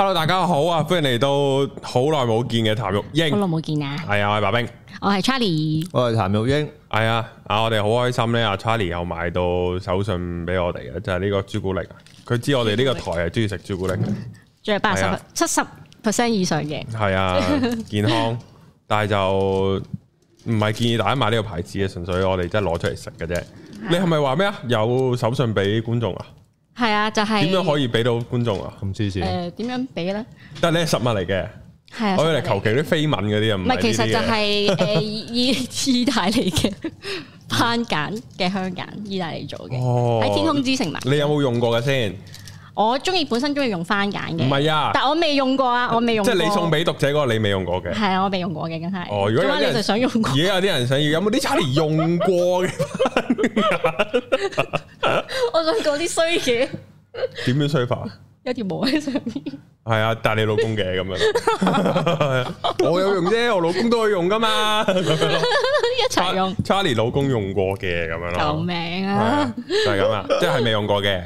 hello，大家好啊，歡迎嚟到好耐冇見嘅談育鷹。好耐冇見啊！係啊，我係白兵，我係 Charlie，我係談育鷹。係啊，啊我哋好開心咧，阿 Charlie 又買到手信俾我哋嘅，就係、是、呢個朱古力啊。佢知我哋呢個台係中意食朱古力，仲 有八十、七十 percent 以上嘅。係啊的， 健康，但係就唔係建議大家買呢個牌子嘅，純粹我哋真係攞出嚟食嘅啫。啊、你係咪話咩啊？有手信俾觀眾啊？係啊，就係、是、點樣可以俾到觀眾啊？咁似似誒，點樣俾咧？但係咧實物嚟嘅，可以嚟求其啲飛吻嗰啲啊。唔係，實是其實就係誒意意大利嘅番 梘嘅香梘，意大利做嘅，喺、哦、天空之城買。你有冇用過嘅、嗯、先？我中意本身中意用番梘嘅，唔係啊！但我未用過啊，我未用。即係你送俾讀者嗰個，你未用過嘅。係啊，我未用過嘅，梗係。如果你就想用過？而家、yeah, 有啲人想要，有冇啲 Charlie 用過嘅？ 我想講啲衰嘢。 點樣衰法？有條毛喺上面。係 啊，但你老公嘅咁樣。 我有用啫，我老公都會用噶嘛。 一齊用。Charlie 老公用過嘅咁樣咯。救命啊！ 啊就係咁啦，即係未用過嘅。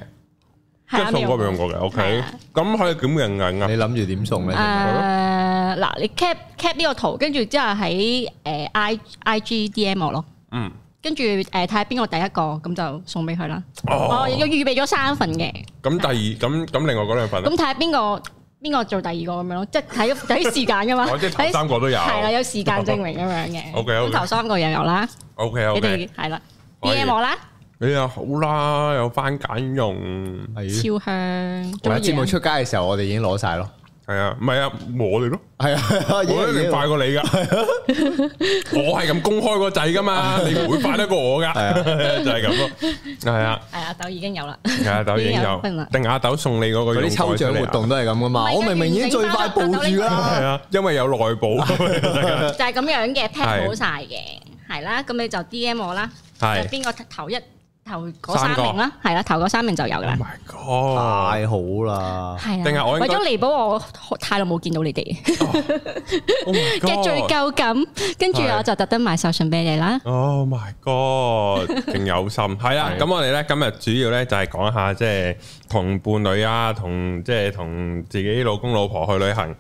即係送過未用過嘅，OK，咁可以點樣啊？你諗住點送咧？誒，嗱，你 cap cap 呢個圖，跟住之後喺誒 I I G D M 我咯，嗯，跟住誒睇下邊個第一個，咁就送俾佢啦。哦，要預備咗三份嘅。咁第二，咁咁另外嗰兩份，咁睇下邊個邊個做第二個咁樣咯，即係睇睇時間噶嘛，睇三個都有，係啦，有時間證明咁樣嘅。O K，頭三個又有啦。O K，你哋係啦，D M 我啦。哎呀，好啦，有番鹼用，係超香。做埋節目出街嘅時候，我哋已經攞晒咯。係啊，唔係啊，我哋咯，係啊，我一定快過你噶。我係咁公開個仔噶嘛，你唔會快得過我噶。係啊，就係咁咯。係啊，阿豆已經有啦，阿豆已經有，定阿豆送你嗰個嗰啲抽獎活動都係咁噶嘛。我明明已經最快保住啦，因為有內部就係咁樣嘅 pack 好晒嘅，係啦，咁你就 D M 我啦，係邊個頭一？頭嗰三名啦，係啦，頭嗰三名就有噶啦。Oh my god！太好啦，係啊。定係我為咗彌補我太耐冇見到你哋嘅罪疚感，跟住我就特登買手信俾你啦。Oh my god！勁有心，係啦。咁我哋咧，今日主要咧就係講下即係同伴侶啊，同即係同自己老公老婆去旅行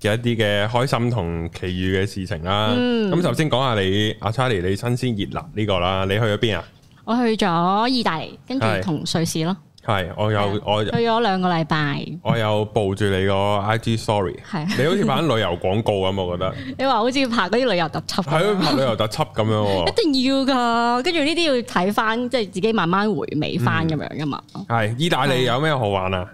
嘅一啲嘅開心同奇遇嘅事情啦。咁首先講下你阿 Charlie，你新鮮熱辣呢個啦，你去咗邊啊？我去咗意大利，跟住同瑞士咯。係，我有我去咗兩個禮拜。我有報住你個 I G story，係你好似玩旅遊廣告咁，我覺得。你話好似拍嗰啲旅遊特輯，係咯，拍旅遊特輯咁樣。一定要噶，跟住呢啲要睇翻，即係自己慢慢回味翻咁樣噶嘛。係意大利有咩好玩啊？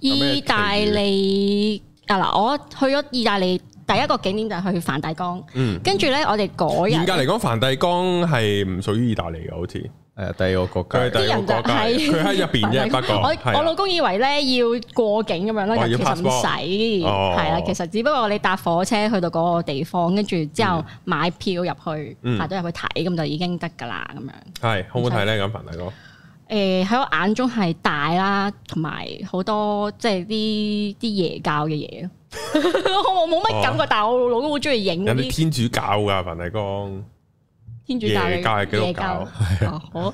意大利啊嗱，我去咗意大利，第一個景點就係去梵蒂岡。嗯，跟住咧，我哋嗰日，嚴格嚟講，梵蒂岡係唔屬於意大利嘅，好似。誒，第二個國家，第二個國家，佢喺入邊啫。我我老公以為咧，要過境咁樣，其實唔使。係啊，其實只不過你搭火車去到嗰個地方，跟住之後買票入去，排到入去睇咁就已經得㗎啦。咁樣係好唔好睇咧？咁，樊大哥，誒喺我眼中係大啦，同埋好多即係啲啲耶教嘅嘢啊。我冇乜感覺，但係我老公好中意影。有啲天主教㗎，樊大哥。天主教係基督教？係啊，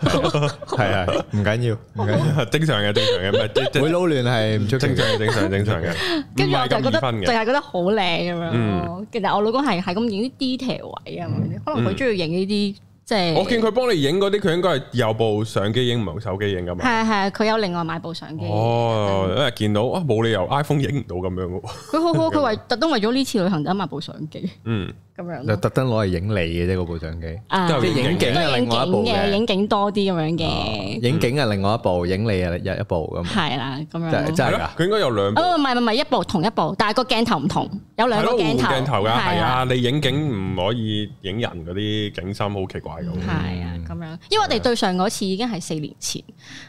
係係唔緊要，正常嘅正常嘅，唔會撈亂係正常嘅正常正常嘅。跟住我就係覺得，就係覺得好靚咁樣咯。其實我老公係係咁影啲 detail 位啊，可能佢中意影呢啲即係。我見佢幫你影嗰啲，佢應該係有部相機影，唔係手機影噶嘛。係係，佢有另外買部相機。哦，因為見到啊，冇理由 iPhone 影唔到咁樣噶喎。佢好好，佢為特登為咗呢次旅行就買部相機。嗯。咁樣就特登攞嚟影你嘅啫，嗰部相機。啊，即係影景係另外一部嘅，影景多啲咁樣嘅。影景係另外一部，影你啊，又一部咁。係啦，咁樣就就佢應該有兩部。哦，唔係唔係，一部同一部，但係個鏡頭唔同，有兩個鏡頭。鏡頭噶係啊，你影景唔可以影人嗰啲景深，好奇怪咁。係啊，咁樣，因為我哋對上嗰次已經係四年前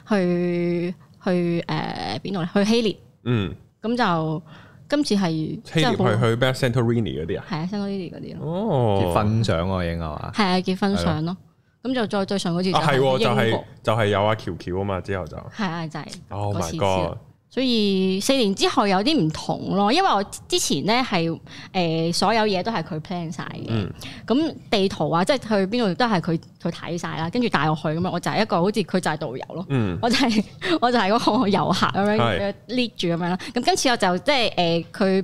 去去誒邊度去希臘，嗯，咁就。今次係即係去、就係、去 Santorini 嗰啲啊，係啊，Santorini 嗰啲咯，oh. 結婚相喎應該話？係啊,啊，結婚相咯、啊，咁、啊、就再最上嗰次係英國、啊啊、就係、是、就係、是、有阿、啊、喬喬啊嘛，之後就係啊，就係、是。Oh my God 所以四年之後有啲唔同咯，因為我之前咧係誒所有嘢都係佢 plan 曬嘅，咁、嗯、地圖啊，即係去邊度都係佢佢睇晒啦，跟住帶我去咁樣，我就係一個好似佢就係導遊咯，嗯、我就係、是、我就係嗰個遊客咁樣是 lead 住咁樣啦。咁今次我就即係誒佢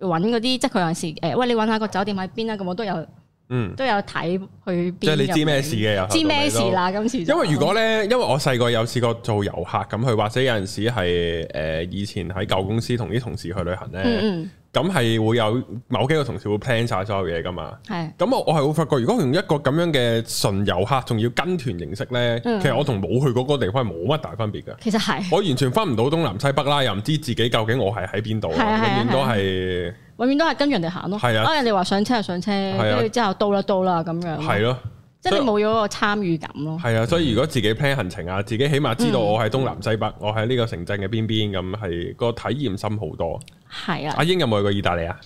揾嗰啲，即係佢、呃、有時誒，喂、呃、你揾下個酒店喺邊啊，咁我都有。嗯，都有睇去即係你知咩事嘅，又知咩事啦。今次、就是、因為如果咧，因為我細個有試過做遊客咁去，或者有陣時係誒、呃，以前喺舊公司同啲同事去旅行咧。嗯嗯咁係會有某幾個同事會 plan 晒所有嘢噶嘛？係是。咁我我係會發覺，如果用一個咁樣嘅純遊客，仲要跟團形式咧，嗯、其實我同冇去嗰個地方係冇乜大分別嘅。其實係，我完全分唔到東南西北啦，又唔知自己究竟我係喺邊度，啊啊啊、永遠都係，永遠都係跟人哋行咯。係啊，啱、啊、人哋話上車就上車，跟住、啊、之後到啦到啦咁樣。係咯、啊，即係你冇咗個參與感咯。係啊，所以如果自己 plan 行程啊，自己起碼知道我喺東南西北，嗯、我喺呢個城鎮嘅邊邊咁，係個體驗深好多。係啊，阿英有冇去過意大利啊？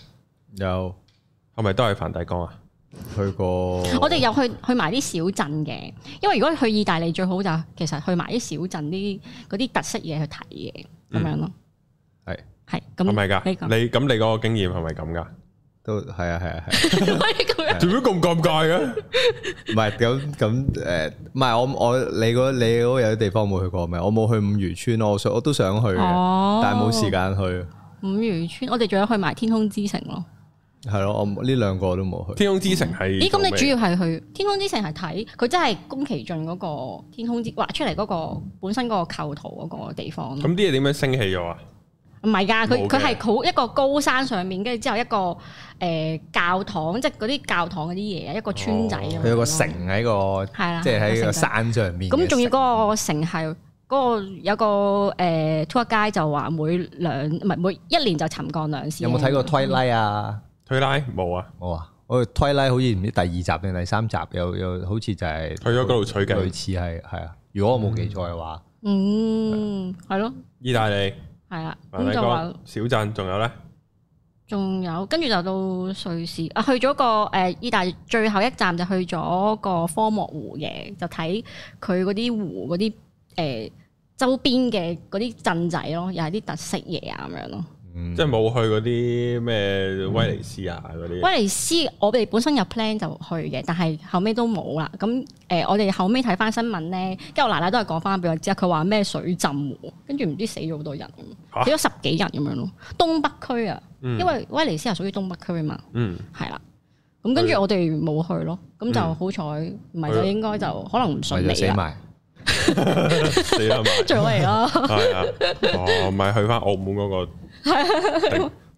有，係咪都係梵蒂岡啊？去過。我哋又去去埋啲小鎮嘅，因為如果去意大利最好就其實去埋啲小鎮啲嗰啲特色嘢去睇嘢咁樣咯。係係咁係咪噶？你咁你嗰個經驗係咪咁噶？都係啊係啊係。點解咁尷尬嘅？唔係咁咁誒，唔係我我你嗰你嗰有啲地方冇去過咪？我冇去五漁村咯，我想我都想去嘅，但係冇時間去。五漁村，我哋仲有去埋天空之城咯。係咯，我呢兩個都冇去。天空之城係，咦？咁你主要係去天空之城係睇佢真係宮崎駿嗰個天空之畫出嚟嗰個本身嗰個構圖嗰個地方。咁啲嘢點樣升起咗啊？唔係㗎，佢佢係好一個高山上面，跟住之後一個誒、呃、教堂，即係嗰啲教堂嗰啲嘢啊，哦、一個村仔。佢有個城喺個，係啦的，即係喺個山上面。咁仲要嗰個城係。嗰、那個有個誒 tour guide 就話每兩唔係每一年就沉降兩次。有冇睇過推拉啊、嗯？推拉冇啊冇啊！我推拉好似唔知第二集定第三集，又又好似就係去咗嗰度取景，類似係係啊。如果我冇記錯嘅話，嗯，係咯、啊。啊、意大利係啊，咁克、嗯、就話小鎮，仲有咧，仲有跟住就到瑞士啊！去咗個誒意大最後一站就去咗個科莫湖嘅，就睇佢嗰啲湖嗰啲。誒周邊嘅嗰啲鎮仔咯，又係啲特色嘢啊咁樣咯，即係冇去嗰啲咩威尼斯啊啲。威尼斯我哋本身有 plan 就去嘅，但係後尾都冇啦。咁誒，我哋後尾睇翻新聞咧，跟住我奶奶都係講翻俾我知，佢話咩水浸喎，跟住唔知死咗好多人，死咗十幾人咁樣咯。東北區啊，因為威尼斯係屬於東北區啊嘛，嗯，係啦。咁跟住我哋冇去咯，咁就好彩，唔係就應該就可能唔順利死嘛，做嚟咯，係啊，哦，咪去翻澳門嗰個，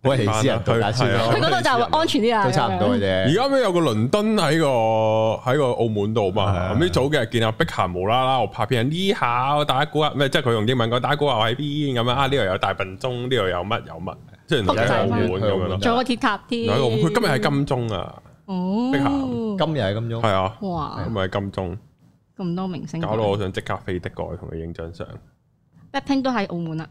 威尼斯去啊，去嗰度就安全啲啊，都差唔多嘅啫。而家咩有個倫敦喺個喺個澳門度嘛，咁啲組嘅見阿碧咸無啦啦，我拍片呢下打鼓啊，咩即係佢用英文講打鼓啊，我喺邊咁樣啊？呢度有大笨鐘，呢度有乜有乜？即係唔係澳門咁樣咯，仲有個鐵塔添。佢今日係金鐘啊，碧咸今日係金鐘，係啊，哇，咪係金鐘。咁多明星，搞到我想即刻飛的過去同佢影張相。b a 都喺澳門啊，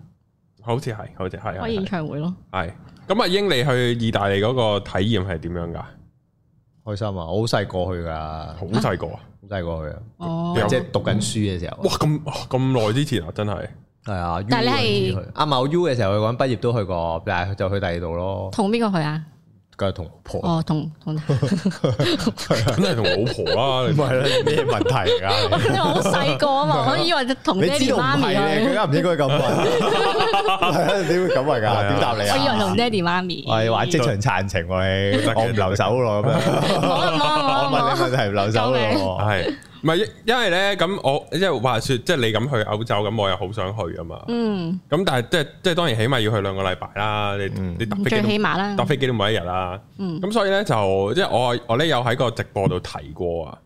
好似係，好似係。演唱會咯，係咁啊！英利去意大利嗰個體驗係點樣噶？開心啊！我好細過去噶，好細個啊，好細過去啊，即係讀緊書嘅時候。哦、哇！咁咁耐之前啊，真係係 啊。但係你係阿某 U 嘅時候，佢講畢業都去過，就去第二度咯。同邊個去啊？梗係同老婆，哦，同同，梗係同老婆啦，唔係咧咩問題啊？ 你話我好細個啊嘛， 我以為同爹哋媽咪，佢而家唔應該咁問，你會咁問噶？點答你啊？ 了我以為同爹哋媽咪，係、哎、玩即場殘情，我唔留手咯咁樣， 我問你問題唔留手咯，係。命 唔係，因為咧咁我即係話說，即係你咁去歐洲，咁我又好想去啊嘛。嗯。咁但係即係即係當然起碼要去兩個禮拜啦。你你搭飛機都搭飛機都冇一日啦。嗯。咁所以咧就即係我我咧有喺個直播度提過啊，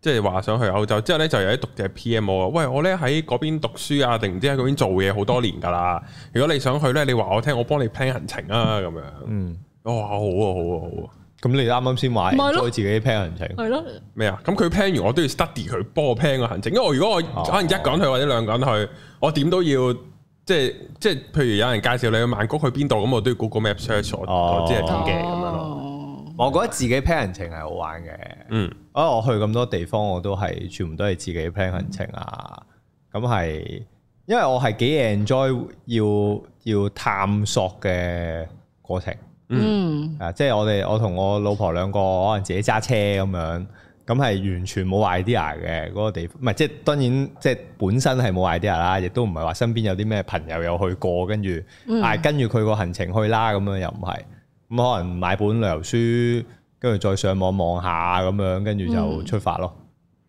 即係話想去歐洲之後咧就有啲讀者 P M 啊，喂我咧喺嗰邊讀書啊，定唔知喺嗰邊做嘢好多年噶啦。如果你想去咧，你話我聽，我幫你 plan 行程啊，咁樣。嗯、oh, oh。哦，好啊，好啊，好啊。咁你啱啱先買，再了自己 plan 行程。係咯咩啊？咁佢 plan 完，我都要 study 佢幫我 plan 個行程。因為如果我可能一個人去或者兩個人去，哦、我點都要即係即係，譬如有人介紹你去曼谷去邊度，咁我都要 Google Map search、嗯、我，即係咁嘅咁樣咯。哦、我覺得自己 plan 行程係好玩嘅。嗯，啊，我去咁多地方，我都係全部都係自己 plan 行程啊。咁係、嗯、因為我係幾 enjoy 要要，要探索嘅過程。嗯，啊，即係我哋我同我老婆兩個可能自己揸車咁樣，咁係完全冇 idea 嘅嗰、嗰個地方，唔係即係當然即係本身係冇 idea 啦，亦都唔係話身邊有啲咩朋友有去過，跟住、嗯、啊跟住佢個行程去啦，咁樣又唔係，咁、嗯嗯嗯、可能買本旅遊書，跟住再上網望下咁樣，跟住就出發咯，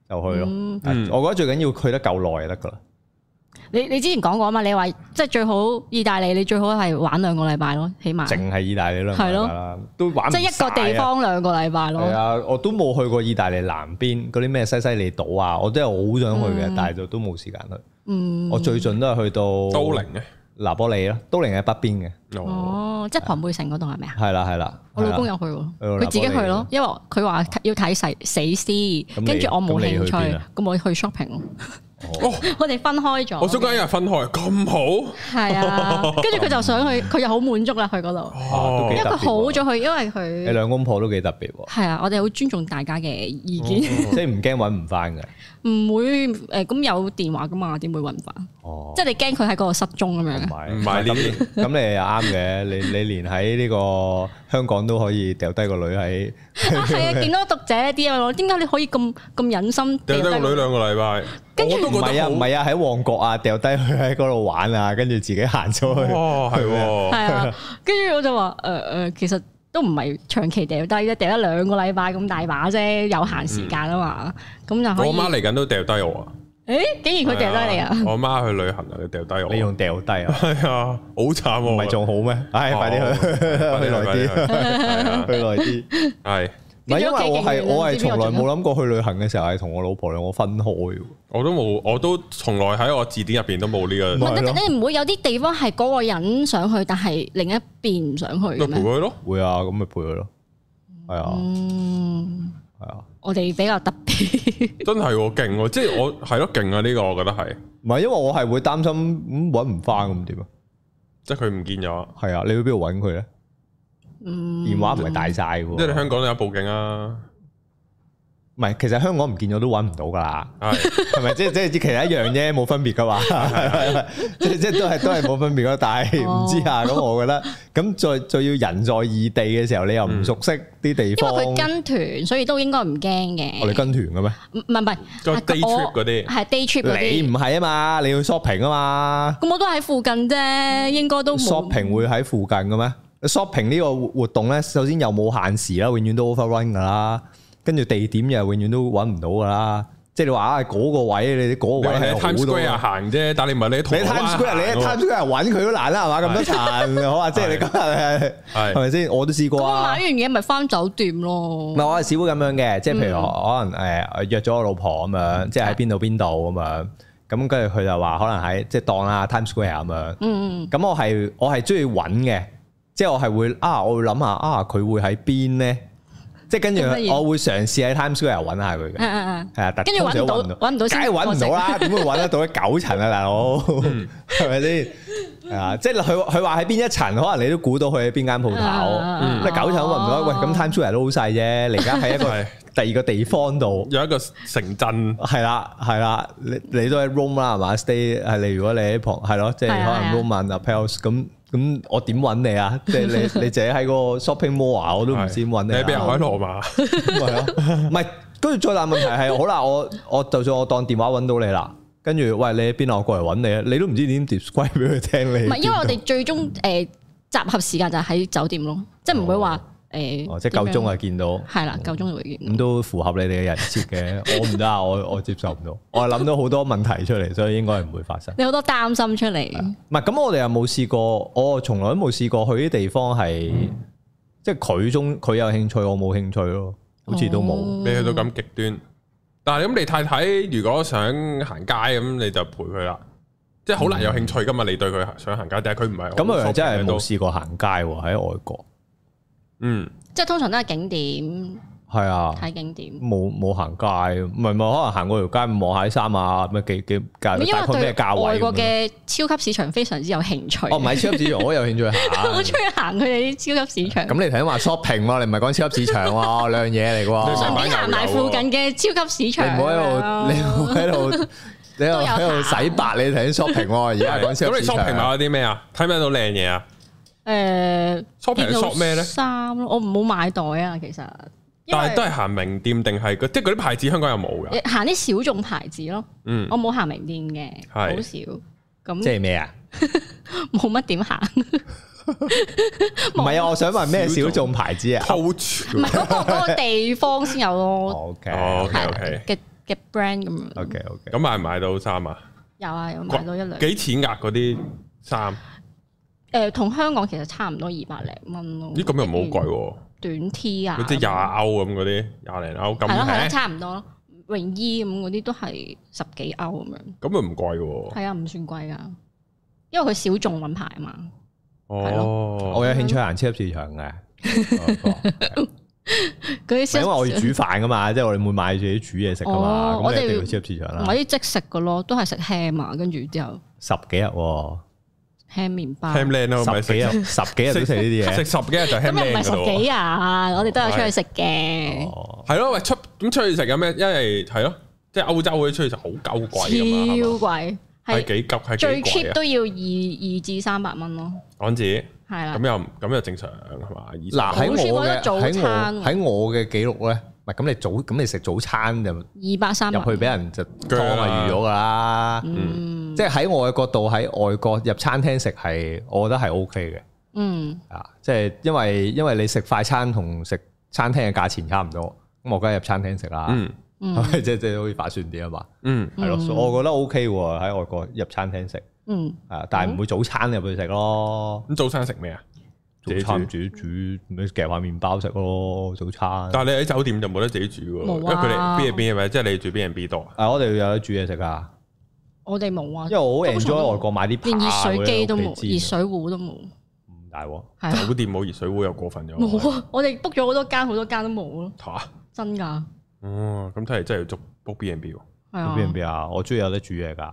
就去咯。嗯嗯、我覺得最緊要去得夠耐就得噶啦。你你之前講過啊嘛？你話即係最好意大利，你最好係玩兩個禮拜咯，起碼。淨係意大利咯。係咯，都玩。即係一個地方兩個禮拜咯。係啊，我都冇去過意大利南邊嗰啲咩西西里島啊，我都係好想去嘅，但係就都冇時間去。嗯。我最近都係去到都靈嘅拿波利咯，都靈喺北邊嘅。哦，即係龐貝城嗰度係咪啊？係啦係啦，我老公有去喎，佢自己去咯，因為佢話要睇死屍。跟住我冇興趣，咁我去 shopping 咯。哦，我哋分開咗。我中間一日分開，咁好？係啊，跟住佢就想去，佢又好滿足啦，去嗰度，因為佢好咗，佢因為佢。你兩公婆都幾特別喎。係啊，我哋好尊重大家嘅意見，即係唔驚搵唔翻，㗎，唔會誒，咁有電話噶嘛，點會搵翻？哦，即係你驚佢喺嗰度失蹤咁樣嘅？唔係，咁咁你又啱嘅，你你連喺呢個香港都可以掉低個女喺，係啊，見到讀者啲，點解你可以咁咁忍心掉低個女兩個禮拜？我都唔係啊，唔係啊，喺旺角啊，掉低佢喺嗰度玩啊，跟住自己行出去。哇，係喎。係啊，跟住我就話，誒誒，其實都唔係長期掉低啫，掉一兩個禮拜咁大把啫，有限時間啊嘛，咁就可以。我媽嚟緊都掉低我啊。誒，竟然佢掉低你啊？我媽去旅行啊，佢掉低我。你用掉低啊？係啊，好慘喎。唔係仲好咩？唉，快啲去，快啲耐啲，去耐啲，係。唔係因為我係我係從來冇諗過去旅行嘅時候係同我老婆兩個分開，我都冇，我都從來喺我字典入邊都冇呢個。唔唔會有啲地方係嗰個人想去，但係另一邊唔想去。咪陪佢咯，會啊，咁咪陪佢咯，係、哎、啊，係啊、嗯，哎、呀我哋比較特別真、哦。真係喎，勁、就、喎、是，即係我係咯，勁啊！呢、這個我覺得係，唔係因為我係會擔心揾唔翻咁點啊？嗯、即係佢唔見咗，係啊，你去邊度揾佢咧？電話唔係大晒喎、嗯，即係香港都有報警啊！唔係，其實香港唔見咗都揾唔到噶啦，係咪？即係即係，其實一樣啫，冇分別噶嘛，即 係都係都係冇分別噶，但係唔知啊。咁我覺得，咁再再要人在異地嘅時候，你又唔熟悉啲地方，嗯、因為佢跟團，所以都應該唔驚嘅。我哋跟團嘅咩？唔係唔係，係、so、day trip 嗰啲我，係 day trip。你唔係啊嘛？你要 shopping 啊嘛？咁我都喺附近啫，嗯、應該都 shopping 會喺附近嘅咩？shopping 呢個活動咧，首先又冇限時啦，永遠都 overrun 噶啦，跟住地點又永遠都揾唔到噶啦，即係你話啊嗰個位你嗰位係好多人，你喺 Times Square 行啫，但係唔係你喺，你 Times Square 你喺 Times Square 揾佢都難啦，係嘛，咁多層，好啊，即係你今日係係咪先？我都試過啊，買完嘢咪翻酒店咯，唔係我係少會咁樣嘅，即係譬如可能誒約咗我老婆咁樣，即係喺邊度邊度咁樣，咁跟住佢就話可能喺即係當啊 Times Square 咁樣，嗯嗯，咁我係我係中意揾嘅。即係我係會啊，我會諗下啊，佢會喺邊咧？即係跟住我會嘗試喺 Times Square 搵下佢嘅。係啊，跟住搵唔到，搵唔到，梗係搵唔到啦，點會搵得到喺九層啊，大佬，係咪先？係啊，即係佢佢話喺邊一層，可能你都估到佢喺邊間鋪頭。九層搵唔到，喂，咁 Times Square 都好細啫，而家喺一個第二個地方度，有一個城鎮係啦係啦，你你都喺 room 啦，係嘛 stay 係，你如果你喺旁係咯，即係可能 room and house 咁。咁我點揾你啊？ 即係你你自己喺個 shopping mall 啊，我都唔知點揾 你。你邊度揾我嘛？係啊， 唔係。跟住最大問題係，好啦，我我就算我當電話揾到你啦，跟住喂你喺邊度？我過嚟揾你啊！你都唔知點 describe 俾佢聽你。唔係，因為我哋最終誒、嗯呃、集合時間就喺酒店咯，即係唔會話、哦。誒，即係夠鐘啊！見到係啦，夠鐘就咁都符合你哋嘅人設嘅。我唔得啊，我我接受唔到。我諗到好多問題出嚟，所以應該係唔會發生。你好多擔心出嚟。唔係咁，我哋又冇試過。我從來都冇試過去啲地方係，即係佢中佢有興趣，我冇興趣咯。好似都冇，你去到咁極端。但係咁，你太太如果想行街咁，你就陪佢啦。即係好難有興趣噶嘛？你對佢想行街，但係佢唔係咁，我真係冇試過行街喺外國。嗯，即係通常都係景點，係啊，睇景點，冇冇行街，唔係唔係，可能行過條街望下啲衫啊，咩幾幾價，包括咩價位。因為外國嘅超級市場非常之有興趣。哦，唔係超級市場，我有興趣行，我中意行佢哋啲超級市場。咁你睇下 shopping 喎，你唔係講超級市場喎，兩樣嘢嚟嘅喎。你順便行埋附近嘅超級市場。你唔好喺度，你喺度，你唔好喺度洗白。你睇先 shopping 喎，而家講超咁你 shopping 買咗啲咩啊？睇唔睇到靚嘢啊？誒，shop shop 咩咧？衫咯，我冇買袋啊，其實。但係都係行名店定係，即係嗰啲牌子香港又冇㗎。行啲小眾牌子咯，嗯，我冇行名店嘅，好少。咁即係咩啊？冇乜點行。唔係啊，我想問咩小眾牌子啊？Coach 唔係嗰個嗰個地方先有咯。OK OK OK 嘅嘅 brand 咁樣。OK OK，咁買唔買到衫啊？有啊，有買到一兩。幾錢噶嗰啲衫？誒，同香港其實差唔多二百零蚊咯。咦？咁又唔好貴喎。短 T 啊，即係廿歐咁嗰啲，廿零歐咁平。係咯，係咯，差唔多。泳衣咁嗰啲都係十幾歐咁樣。咁又唔貴喎。係啊，唔算貴啊，因為佢小眾品牌啊嘛。哦，我有興趣行超級市場嘅。啲因為我要煮飯噶嘛，即係我哋會買自己煮嘢食噶嘛，咁我哋去超級市場啦。我啲即食嘅咯，都係食 ham 啊，跟住之後。十幾日喎。ham 麵包，十幾日十幾日都食呢啲嘢，食十幾日就 ham 麵咯。咁又唔係十幾日，我哋都有出去食嘅。係咯，喂，出咁出去食咁樣，因為係咯，即係歐洲嗰啲出去食好鳩貴㗎嘛。超貴，係幾急，係最 cheap 都要二二至三百蚊咯。港紙係啦，咁又咁又正常係嘛？嗱，喺我嘅早餐，喺我嘅記錄咧，唔係咁你早咁你食早餐就二百三入去俾人就鋸埋魚肉㗎啦。嗯。即係喺我嘅角度，喺外國入餐廳食係，我覺得係 O K 嘅。嗯啊，即係因為因為你食快餐同食餐廳嘅價錢差唔多，咁我梗係入餐廳食啦。嗯嗯，即即係好似划算啲啊嘛。嗯，係咯，我覺得 O K 喎，喺外國入餐廳食。嗯啊，但係唔會早餐入去食咯。咁早餐食咩啊？早餐煮煮咩夾塊麵包食咯。早餐。但係你喺酒店就冇得自己煮喎，因為佢哋邊人邊咪？即係你煮邊人邊度？啊，我哋有得煮嘢食噶。我哋冇啊，因為我好 enjoy 外國買啲連熱水機都冇，熱水壺都冇。唔大喎， 酒店冇熱水壺又過分咗。冇啊，我哋 book 咗好多間，好多間都冇咯。嚇！真㗎？嗯，咁睇嚟真係要 book book B&B 喎？係啊，B&B 啊？我最中意有得煮嘢㗎。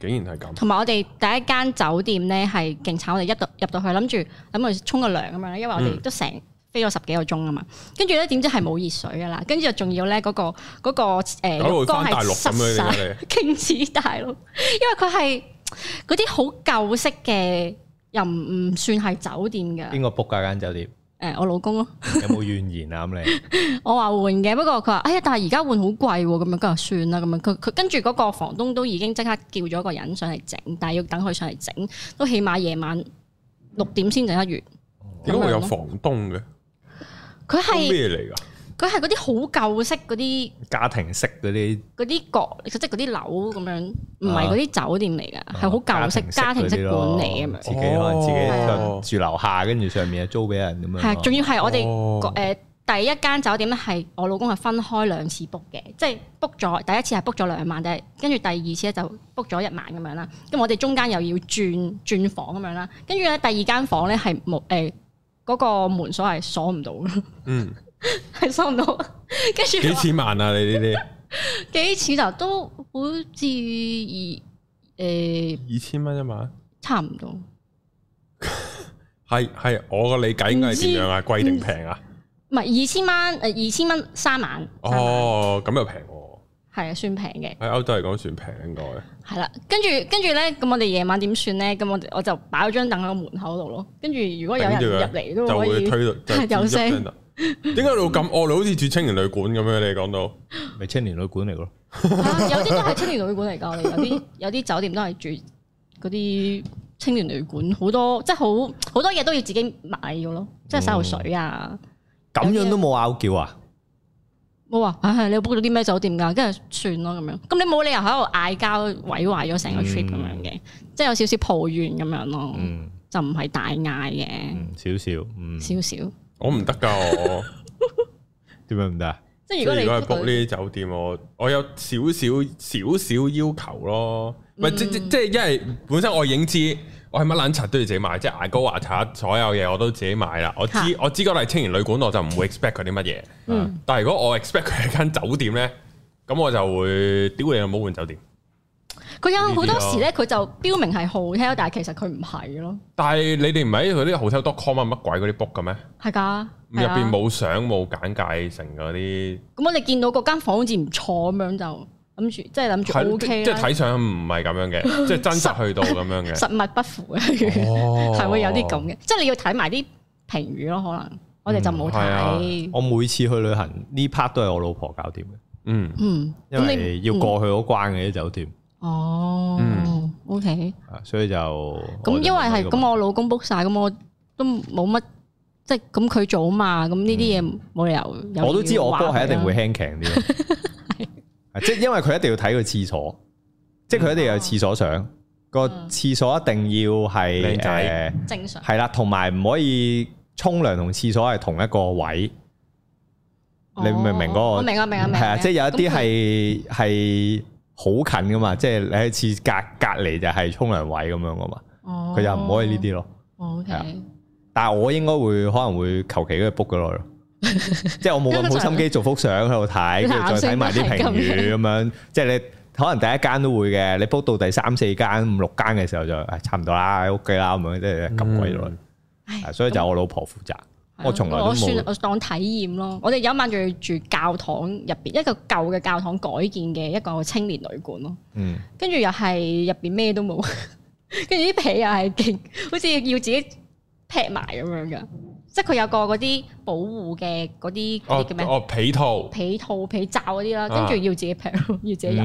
竟然係咁。同埋我哋第一間酒店咧係勁慘，我哋一度入到去，諗住諗住沖個涼咁樣咧，因為我哋都成，嗯飛咗十幾個鐘啊嘛，跟住咧點知係冇熱水噶啦，跟住仲要咧嗰個、嗰個誒，光係驚死大陸！因為佢係嗰啲好舊式嘅，又唔算係酒店噶。邊個 book 架間酒店？誒、哎，我老公咯、啊。有冇怨言啊？咁你？我話換嘅，不過佢話哎呀，但係而家換好貴、啊，咁樣跟住算啦，咁樣佢佢跟住嗰個房東都已經即刻叫咗個人上嚟整，但係要等佢上嚟整，都起碼夜晚六點先整得完。點解、哦、會有房東嘅？佢係咩嚟噶？佢係嗰啲好舊式嗰啲家庭式嗰啲嗰啲閣，即係嗰啲樓咁樣，唔係嗰啲酒店嚟嘅，係好、啊、舊式家庭式管理啊嘛。哦、自己可能自己住樓下，跟住上面啊租俾人咁樣。係對，仲對要係我哋誒、哦呃、第一間酒店咧，係我老公係分開兩次 book 嘅，即係 book 咗第一次係 book 咗兩晚，但係跟住第二次咧就 book 咗一晚咁樣啦。咁我哋中間又要轉轉房咁樣啦，跟住咧第二間房咧係冇誒。嗰個門鎖係鎖唔到嘅，嗯，係 鎖唔到，跟住幾千萬啊！你呢啲幾錢就都好似二，誒、呃、二千蚊一晚，差唔多。係係， 我個理解應該係點樣啊？千貴定平啊？唔係二千蚊，誒、呃、二千蚊三晚。三晚哦，咁又平。係啊，算平嘅。喺歐洲嚟講算平，應該。係啦，跟住跟住咧，咁我哋夜晚點算咧？咁我我就擺咗張凳喺個門口度咯。跟住如果有人入嚟，都推就會推有聲。點解你咁惡、 哦？你好似住青年旅館咁樣，你講到，咪青年旅館嚟咯？有啲都係青年旅館嚟㗎，我哋有啲有啲酒店都係住嗰啲青年旅館，好多即係好好多嘢都要自己買㗎咯，即係洗頭水啊。咁樣都冇拗叫啊？我話，唉、啊，你 book 到啲咩酒店噶？跟住算咯，咁樣。咁你冇理由喺度嗌交，毀壞咗成個 trip 咁、嗯、樣嘅，即係有少少抱怨咁樣咯。嗯、就唔係大嗌嘅、嗯，少少，嗯，少少。我唔得噶，我點解唔得啊？ 即係如果你如果係 book 呢啲酒店，我我有少少少少要求咯。係、嗯、即即即係，因為本身我已經知。我係乜撚茶都要自己買，即係牙膏、牙刷所有嘢我都自己買啦。我知，啊、我知嗰度係青年旅館，我就唔會 expect 佢啲乜嘢。啊，但係如果我 expect 佢係間酒店咧，咁我就會屌你冇換酒店。佢有好多時咧，佢就標明係 hotel，但係其實佢唔係咯。但係你哋唔係佢啲 hotel.com 乜鬼嗰啲 book 嘅咩？係噶，入邊冇相冇簡介，成嗰啲。咁我哋見到嗰間房好似唔錯咁樣就。諗住，OK、即係諗住 O K，即係睇相唔係咁樣嘅，即係真實去到咁樣嘅，實物不符係、哦、 會有啲咁嘅，哦、即係你要睇埋啲評語咯。可能我哋就冇睇、嗯啊。我每次去旅行呢 part 都係我老婆搞掂嘅。嗯嗯，因為要過去嗰關嘅啲酒店。嗯嗯、哦，O K。嗯、okay，所以就咁，就因為係咁，我，我老公 book 晒，咁我都冇乜，即係咁佢做啊嘛，咁呢啲嘢冇理由。我都知我哥係一定會輕強啲。 即係因為佢一定要睇個廁所，即係佢一定要有廁所上個廁所，一定要係誒，正常係啦，同埋唔可以沖涼同廁所係同一個位，你明唔明嗰個？明啊明啊明係啊，即係有一啲係係好近噶嘛，即係你喺次隔隔籬就係沖涼位咁樣噶嘛，佢就唔可以呢啲咯。好，但係我應該會可能會求其去 book 落咯。即係我冇咁好心機做幅相喺度睇，跟住再睇埋啲評語咁樣。即係你可能第一間都會嘅，你 book 到第三四間、五六間嘅時候就誒，差唔多啦，OK 啦咁樣，即係夾鬼咗。所以就我老婆負責，我從來我算我當體驗咯。我哋有一晚仲要住教堂入邊一個舊嘅教堂改建嘅一個青年旅館咯。嗯，跟住又係入邊咩都冇，跟住啲被又係勁，好似要自己劈埋咁樣噶。即係佢有個嗰啲保護嘅嗰啲嗰啲叫咩？哦被、哦、套、被套、被罩嗰啲啦，跟住、啊、要自己劈，要自己入，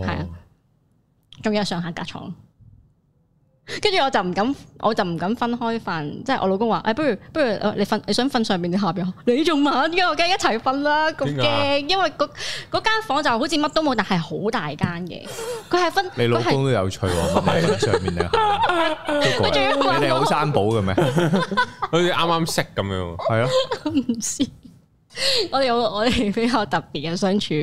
係啊、嗯，仲、哦、有上下隔床。跟住我就唔敢，我就唔敢分開瞓。即係我老公話：誒，不如不如，你瞓你想瞓上邊定下邊？你仲穩嘅，梗係一齊瞓啦。咁驚，因為嗰嗰間房間就好似乜都冇，但係好大間嘅。佢係分你老公都有趣，瞓是、嗯、上面定下邊？跟住 你哋好生保嘅咩？好似啱啱識咁樣，係啊。唔知，我哋我哋比較特別嘅相處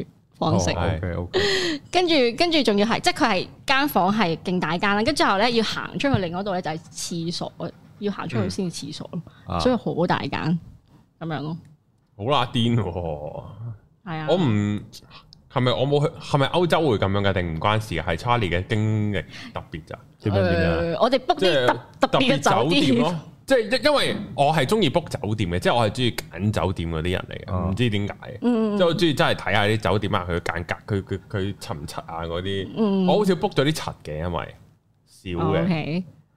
方式，oh, okay, okay. 跟住跟住仲要係，即係佢係間房係勁大間啦，跟住後咧要行出去另一度咧就係廁所，要行出去先至廁所，嗯啊、所以好大間咁樣咯。好拉癲喎！係啊，啊我唔係咪我冇去，係咪歐洲會咁樣嘅定唔關事？係 Charlie 嘅經歷特別咋、啊？誒，哎、我哋 book 啲特特別嘅酒店咯。即係因因為我係中意 book 酒店嘅，即係我係中意揀酒店嗰啲人嚟嘅，唔知點解，即係我中意真係睇下啲酒店啊，佢間隔，佢佢佢層層啊嗰啲，我好少 book 咗啲層嘅，因為少嘅，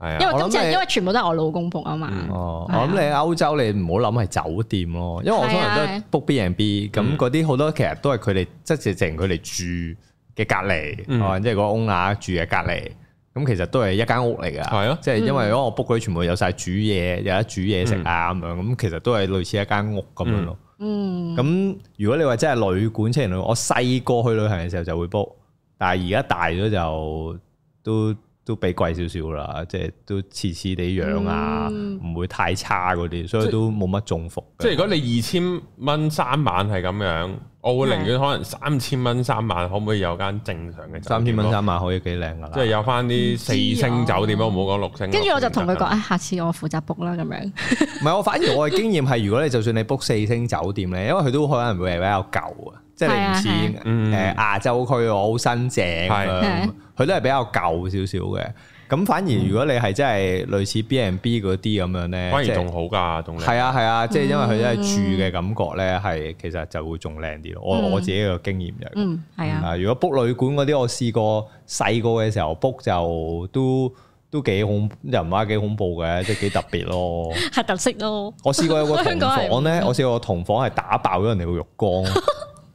係啊，因為因為全部都係我老公 book 啊嘛。我諗你歐洲你唔好諗係酒店咯，因為我通常都係 book B and B，咁嗰啲好多其實都係佢哋即係直情佢哋住嘅隔離，即係個翁娜住嘅隔離。咁其實都係一間屋嚟噶，係啊，即係因為如果我 book 嗰啲全部有晒煮嘢，嗯、有得煮嘢食啊咁樣，咁其實都係類似一間屋咁樣咯、嗯。嗯，咁如果你話真係旅館，雖然我細個去旅行嘅時候就會 book，但係而家大咗就都。都比貴少少啦，即係都次次哋樣啊，唔、嗯、會太差嗰啲，所以都冇乜中伏。即係如果你二千蚊三晚係咁樣，我會寧願可能三千蚊三晚，可唔可以有間正常嘅酒三千蚊三晚可，可以幾靚㗎啦，即係有翻啲四星酒店咯，唔好講六星。跟住我就同佢講，啊、下次我負責 book 啦咁樣。唔係 我反而我嘅經驗係，如果你就算你 book 四星酒店咧，因為佢都可能會係比較舊啊。即係你唔似誒亞洲區我好新淨，佢都係比較舊少少嘅。咁反而如果你係真係類似 B and B 嗰啲咁樣咧，反而仲好㗎，仲靚，係啊係啊，即係因為佢都係住嘅感覺咧，係其實就會仲靚啲咯。我我自己嘅經驗就嗯係啊。如果 book 旅館嗰啲，我試過細個嘅時候 book 就都都幾恐怖，人話幾恐怖嘅，即係幾特別咯，係特色咯。我試過有個同房咧，我試過個同房係打爆咗人哋個浴缸。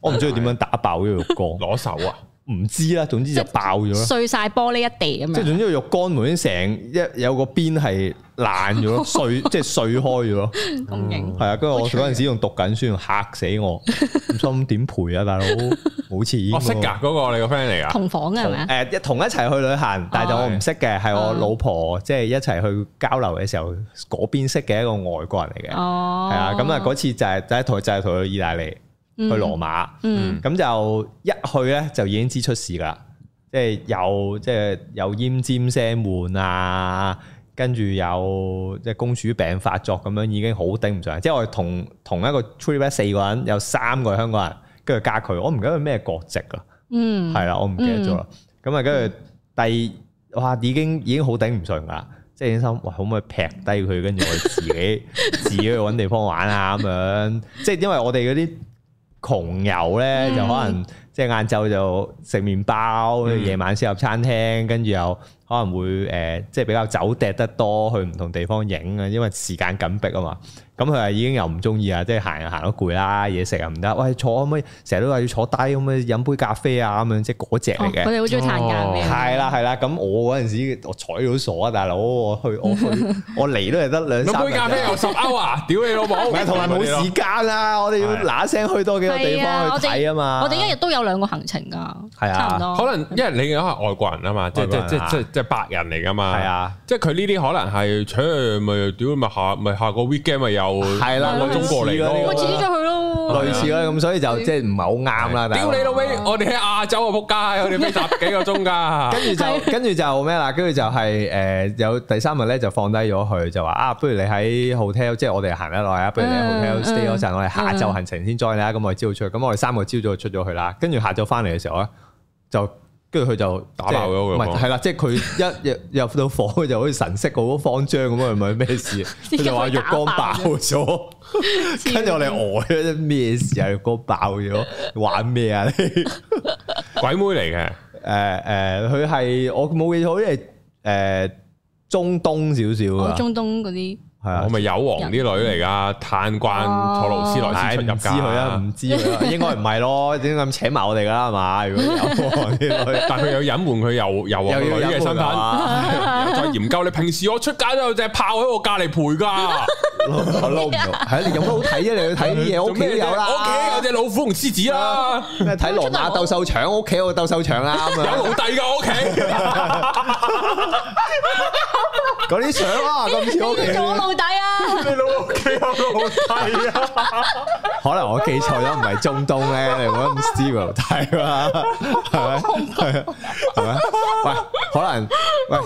我唔知佢點樣打爆呢個浴缸，攞手啊？唔知啦，總之就爆咗，碎晒玻璃一地咁樣。即係總之個浴缸門成一有個邊係爛咗咯， 碎即係碎開咗咯。咁、嗯、型係啊！跟住我嗰陣時仲讀緊書，吓死我，唔知點賠啊， 大佬好似我識噶嗰個你個 friend 嚟噶，同房係咪啊？誒、呃，同一齊去旅行，但係我唔識嘅，係、哦、我老婆即係、就是、一齊去交流嘅時候嗰邊識嘅一個外國人嚟嘅。哦，係、嗯、啊，咁、嗯、啊，嗰次就係第一台就係、是、去、就是、意大利。去羅馬，咁、嗯嗯、就一去咧就已經知出事噶，即、就、係、是、有即係、就是、有奄尖聲悶啊，跟住有即係公主病發作咁樣，已經好頂唔順。即、就、係、是、我哋同同一個 trip 四個人有三個香港人，跟住加佢，我唔記得佢咩國籍啦，係啦、嗯，我唔記得咗啦。咁啊、嗯，跟、嗯、住第二哇已經已經好頂唔順啦，即、就、係、是、心喂，可唔可以劈低佢，跟住我自己 自己去揾地方玩啊咁樣。即係因為我哋嗰啲。窮遊咧、嗯、就可能，即係晏晝就食麵包，夜、嗯、晚先入餐廳，跟住又。可能會誒，即係比較走趯得多，去唔同地方影啊，因為時間緊迫啊嘛。咁佢係已經又唔中意啊，即係行行得攰啦，嘢食又唔得。喂，坐可唔可以？成日都話要坐低，咁樣飲杯咖啡啊？咁樣即係嗰隻嚟嘅。我哋好中意嘆咖啡。係啦係啦，咁我嗰陣時我坐到傻啊，大佬，我去我去我嚟都嚟得兩。飲杯咖啡又十啊！屌你老母！唔係同埋冇時間啦，我哋要嗱聲去多幾個地方去睇啊嘛。我哋一日都有兩個行程㗎，係啊，差唔多。可能因為你講係外，外國人啊嘛，即即即即白人嚟噶嘛？係啊，即係佢呢啲可能係，咁咪屌咪下咪下個 weekend 咪又係啦，咪中國嚟咯，咪自己出去咯，類似啦，咁所以就即係唔係好啱啦。屌你老味，我哋喺亞洲啊仆街，我哋要十幾個鐘噶。跟住就，跟住就咩啦？跟住就係誒，有第三日咧就放低咗佢，就話啊，不如你喺 hotel，即係我哋行得耐啊，不如你喺 hotel stay 咗陣，我哋下晝行程先 join 你啊。咁我哋朝早出，咁我哋三個朝早就出咗去啦。跟住下晝翻嚟嘅時候咧，就。跟住佢就打爆咗佢，唔係係啦，了即係佢一入 一入到房，佢就好似神色好慌張咁啊！唔係咩事，佢就話浴缸爆咗。跟住我哋呆咗，咩事啊？浴缸爆咗，玩咩啊？你鬼妹嚟嘅，誒誒、呃，佢、呃、係我冇記錯，因為好似係誒中東少少嘅，中東嗰啲。係 啊，我咪友王啲女嚟噶，嘆慣坐勞斯萊斯出入街，唔知佢啊，唔知佢，應該唔係咯，點解咁請埋我哋噶啦，係嘛？如果友啲女，但佢有隱瞞佢又又王女嘅身份，再研究你。你平時我出街都有隻豹喺我隔籬陪噶，係、啊 嗯、你有咩好睇啫，你去睇啲嘢。屋企有啦，屋企有隻老虎同獅子啦，睇羅馬鬥獸場，屋企有鬥獸場啊，有奴隸噶我屋企。嗯嗯 嗰啲相啊，咁似屋企。我老底啊，你老屋企我老底啊。可能我記錯咗，唔係中東咧，你唔好唔知喎，係嘛？係咪？係咪？喂，可能喂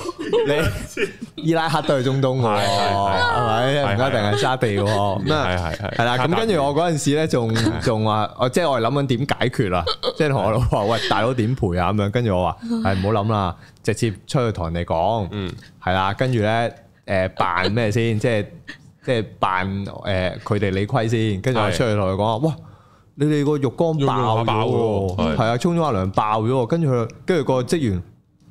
你伊拉克都係中東喎，係咪？唔一定係沙地喎。咁啊，係係係啦。咁跟住我嗰陣時咧，仲仲話，我即係我係諗緊點解決啊。即係同我老婆話，喂，大佬點賠啊？咁樣跟住我話，係唔好諗啦。直接出去同人哋講，係啦，跟住咧，誒，扮咩先？即係即係扮誒，佢哋理虧先。跟住我出去同佢講啊，哇，你哋個浴缸爆咗，係啊，沖咗阿涼爆咗。跟住佢，跟住個職員，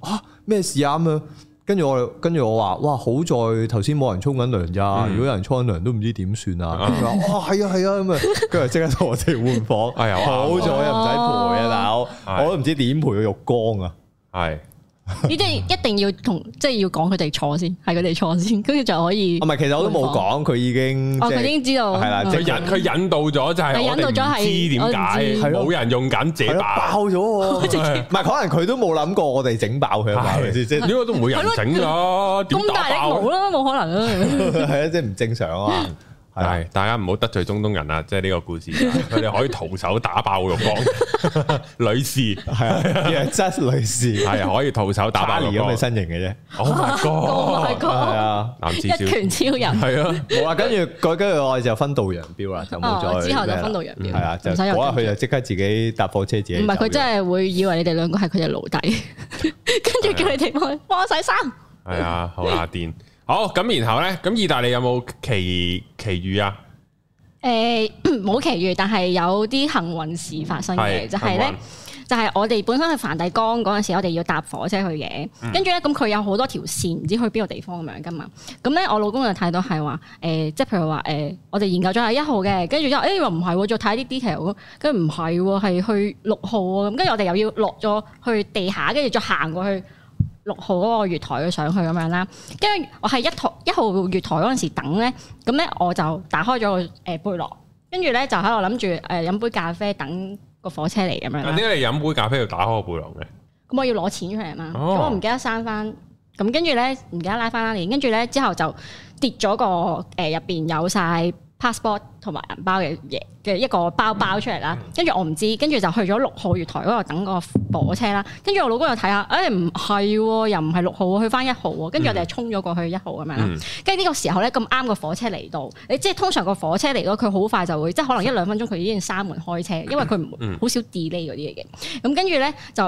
啊，咩事啊咁樣？跟住我，跟住我話，哇，好在頭先冇人沖緊涼咋。如果有人沖緊涼，都唔知點算啊。跟住話，哇，係啊，係啊，咁啊，跟住即刻同我哋換房。係啊，好在又唔使賠啊，大佬，我都唔知點賠個浴缸啊，係。呢啲一定要同，即係要講佢哋錯先，係佢哋錯先，跟住就可以。唔係，其實我都冇講，佢已經。哦，佢已經知道係啦，佢引佢引導咗就係。係引導咗係。知點解冇人用緊呢把。爆咗，佢直接。唔係，可能佢都冇諗過我哋整爆佢，係咪先？即係因為都冇人整咗。咁大你冇啦，冇可能啊！係啊，即係唔正常啊！係，大家唔好得罪中東人啊！即係呢個故事，佢哋可以徒手打爆玉缸女士，係啊，即女士，係又可以徒手打爆你咁嘅身形嘅啫。Oh my God，係啊，一拳超人係啊，冇啊。跟住，跟住我哋就分道揚鑣啦，就冇咗。之後就分道揚鑣，係啊，唔使由。佢就即刻自己搭火車自己。唔係，佢真係會以為你哋兩個係佢嘅奴隸，跟住叫你停去幫我洗衫。係啊，好阿癲。好，咁、哦、然後咧，咁意大利有冇奇奇遇啊？誒、欸，冇奇遇，但係有啲幸運事發生嘅、嗯、就係咧，運就係我哋本身去梵蒂岡嗰陣時，我哋要搭火車去嘅。跟住咧，咁佢有好多條線，唔知去邊個地方咁樣噶嘛？咁咧，我老公就睇到係話，誒、呃，即係譬如話，誒、呃，我哋研究咗係一號嘅，跟住又，誒、欸，又唔係，再睇啲 detail，跟住唔係，係去六號。咁跟住我哋又要落咗去地下，跟住再行過去。六號嗰個月台去上去咁樣啦，跟住我係一號一號月台嗰陣時等咧，咁咧我就打開咗個誒背囊，跟住咧就喺度諗住誒飲杯咖啡等個火車嚟咁樣啦。點解、啊、你飲杯咖啡要打開個背囊嘅？咁我要攞錢出嚟嘛，咁、哦、我唔記得閂翻，咁跟住咧唔記得拉翻拉鏈，跟住咧之後就跌咗個誒入邊有晒 passport。同埋銀包嘅嘢嘅一個包包出嚟啦，跟住我唔知，跟住就去咗六號月台嗰度等個火車啦。跟住我老公又睇下，誒唔係喎，又唔係六號啊，去翻一號啊。跟住我哋係衝咗過去一號咁樣啦。跟住呢個時候咧咁啱個火車嚟到，你即係通常個火車嚟到，佢好快就會即係可能一兩分鐘佢已經閂門開車，因為佢唔好少 delay 嗰啲嘢嘅。咁跟住咧就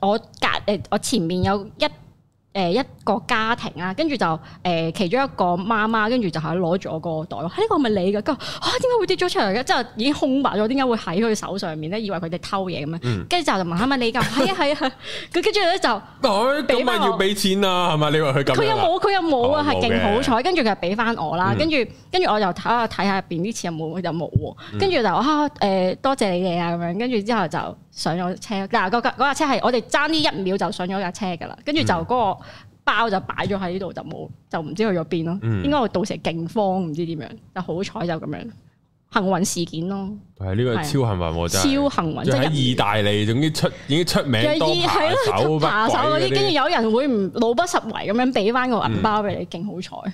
我隔誒我前面有一。誒一個家庭啊，跟住就誒、呃、其中一個媽媽，跟住就係攞住我個袋，呢個係咪你嘅？佢嚇點解會跌咗出嚟嘅？即係已經空白咗，點解會喺佢手上面咧？以為佢哋偷嘢咁樣，跟住、嗯、就問下咪你㗎？係啊係啊，佢跟住咧就，咁咪、哎、要俾錢啊，係咪？你話佢咁，佢有冇，佢有冇啊，係勁好彩，跟住佢俾翻我啦，跟住、哦。的跟住我就睇下睇下入邊啲錢有冇，就冇喎，跟住就啊，哈、呃、多謝你哋啊咁樣，跟住之後就上咗車嗱，架嗰架車係我哋爭呢一秒就上咗架車噶啦，跟住就嗰個包就擺咗喺呢度就冇，就唔知去咗邊咯，嗯、應該我到時勁慌唔知點樣，就好彩就咁樣幸運事件咯，係呢個超幸運，超幸運，即係意大利總之出已經出名多扒手嗰啲，跟住有人會唔老不拾遺咁樣俾翻個銀包俾你，勁好彩。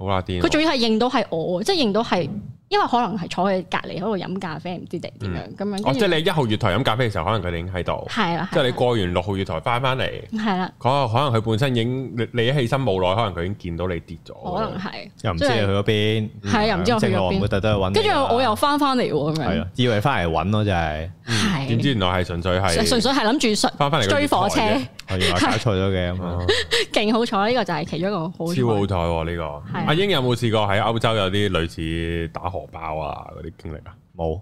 佢仲、NO、要係認到係我，即係認到係。因為可能係坐喺隔離嗰度飲咖啡唔知地點樣咁樣，即係你一號月台飲咖啡嘅時候，可能佢哋已經喺度。係啦，即係你過完六號月台翻翻嚟。係啦。可能佢本身已經你一起身冇耐，可能佢已經見到你跌咗。可能係。又唔知佢去咗邊？係又唔知我邊？唔會特登。跟住我又翻翻嚟喎，係啊，以為翻嚟揾咯，就係。係。點知原來係純粹係。純粹係諗住翻翻嚟追火車。係搞錯咗嘅，咁勁好彩！呢個就係其中一個好。超好彩喎！呢個。阿英有冇試過喺歐洲有啲類似打火？荷包啊，嗰啲經歷啊，冇，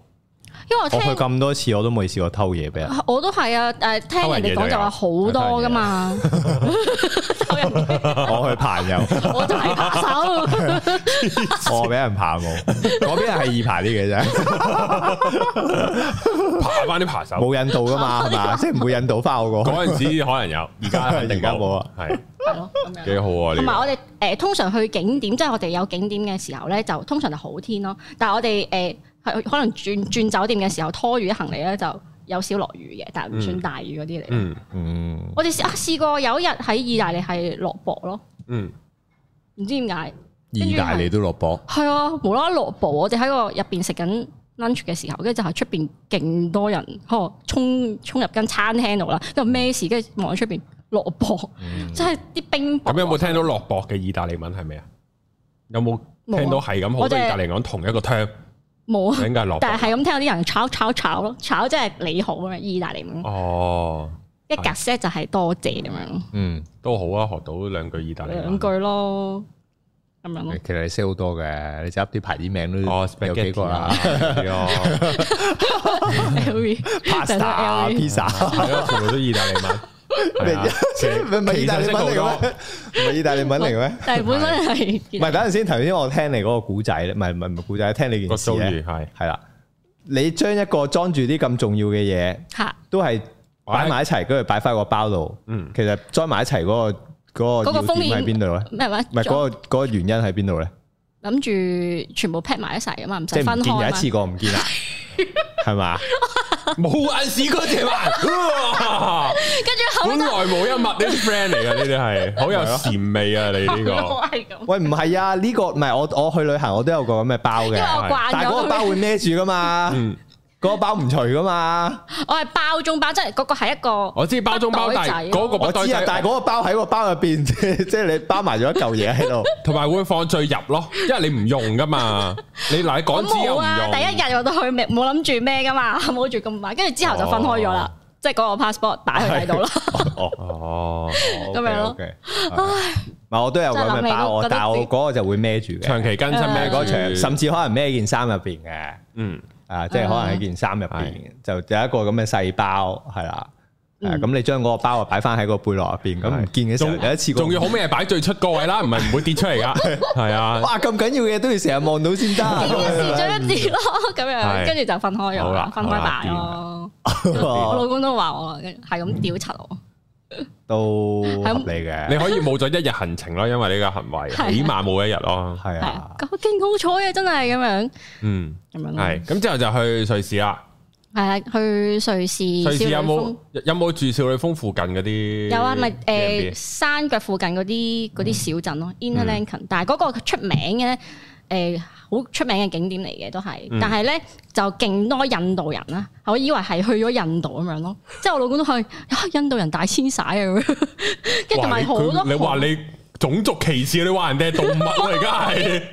因為我聽，我去咁多次我都冇試過偷嘢俾人。啊，我都係啊，誒，聽人哋講就話好多㗎嘛。 我去爬友，我就係爬手，我俾人爬冇，嗰邊係易爬啲嘅啫， 爬翻啲爬手冇印度噶嘛係嘛，吧即係唔會印度翻我、嗰個。嗰陣時可能有，而家肯定冇啊，係，幾好啊！同埋我哋誒，通常去景點，這個、即係我哋有景點嘅時候咧，就通常就好天咯。但係我哋誒係可能轉轉酒店嘅時候，時候拖住啲行李咧就。有少落雨嘅，但係唔算大雨嗰啲嚟。嗯嗯、我哋試啊，試過有一日喺意大利係落雹咯。唔、嗯、知點解，意大利都落雹。係啊，無啦啦落雹。我哋喺個入邊食緊 lunch 嘅時候，跟住就喺出邊勁多人，嗬、啊，冲衝入間餐廳度啦。跟住咩事？跟住望出邊落雹，即係啲冰雹。咁有冇聽到落雹嘅意大利文係咪啊？有冇聽到係咁好多意大利講同一個聽？冇啊，但係係咁聽有啲人炒炒炒咯，炒真係你好啊，意大利文。哦，一格 set 就係多謝咁樣咯。嗯，都好啊，學到兩句意大利。兩句咯，咁樣咯。其實你識好多嘅，你執啲牌子名都有幾個啊？啲咯。L V。Pasta 啊，披薩，全部都意大利文。唔係 意大利文嚟嘅咩？唔係意大利文嚟嘅咩？但係 本身係，唔係，等陣先。頭先我聽你嗰個古仔咧，唔係唔係唔係古仔，聽你件事咧，係係啦。你將一個裝住啲咁重要嘅嘢，吓都係擺埋一齊，跟住擺翻個包度。 其實裝埋一齊嗰、那個嗰、那個要點喺邊度咧？咩唔係嗰個、那個原因喺邊度咧？諗住全部劈埋一齊啊嘛，唔使分開見一次過唔見啊。 係嘛？冇眼屎嗰隻啊！跟住後本來冇一物，你啲 friend 嚟噶，呢啲係好有禪味啊！你呢、個 喂唔係啊？呢、個唔係我我去旅行，我都有個咁嘅包嘅，但係嗰個包會孭住噶嘛？ 嗯嗰個包唔除噶嘛？我係包中包，即係嗰個係一個，我知包中包但，個袋但係嗰個包喺個包入邊，即係你包埋咗一嚿嘢喺度，同埋會放最入咯，因為你唔用噶嘛。你嗱，你港紙又唔用。第一日我就去，冇諗住咩噶嘛，冇住咁買，跟住之後就分開咗啦。即係嗰個 passport 帶去喺度啦。哦，咁樣咯。唉，唔係我都有會我帶，嗰個就會孭住嘅，長期更新咩嗰場，甚至可能孭件衫入邊嘅。嗯。啊，即係可能喺件衫入邊，就有一個咁嘅細包，係啦。誒，咁你將嗰個包啊擺翻喺個背囊入邊，咁唔見嘅時候，有一次，仲要好咩嘢擺最出個位啦，唔係唔會跌出嚟噶。係啊，哇！咁緊要嘅都要成日望到先得。試咗一次咯，咁樣跟住就分開咗，分開大咯。我老公都話我係咁屌柒我。都合理嘅， 你可以冇咗一日行程咯，因為呢個行為起碼冇一日咯，係啊，咁竟、啊、好彩啊，真係咁樣，嗯，咁樣係，咁之後就去瑞士啦，係啊，去瑞士，瑞士有冇有冇住少女峰附近嗰啲？有啊，咪誒、呃、山腳附近嗰啲嗰啲小鎮咯 Interlaken 但係嗰個出名嘅咧。誒好、呃、出名嘅景點嚟嘅都係，但係咧就勁多印度人啦，我以為係去咗印度咁樣咯，即係我老公都去、啊，印度人大遷徙啊咁，跟住同埋好多。你話你種族歧視，你話人哋係動物而家係，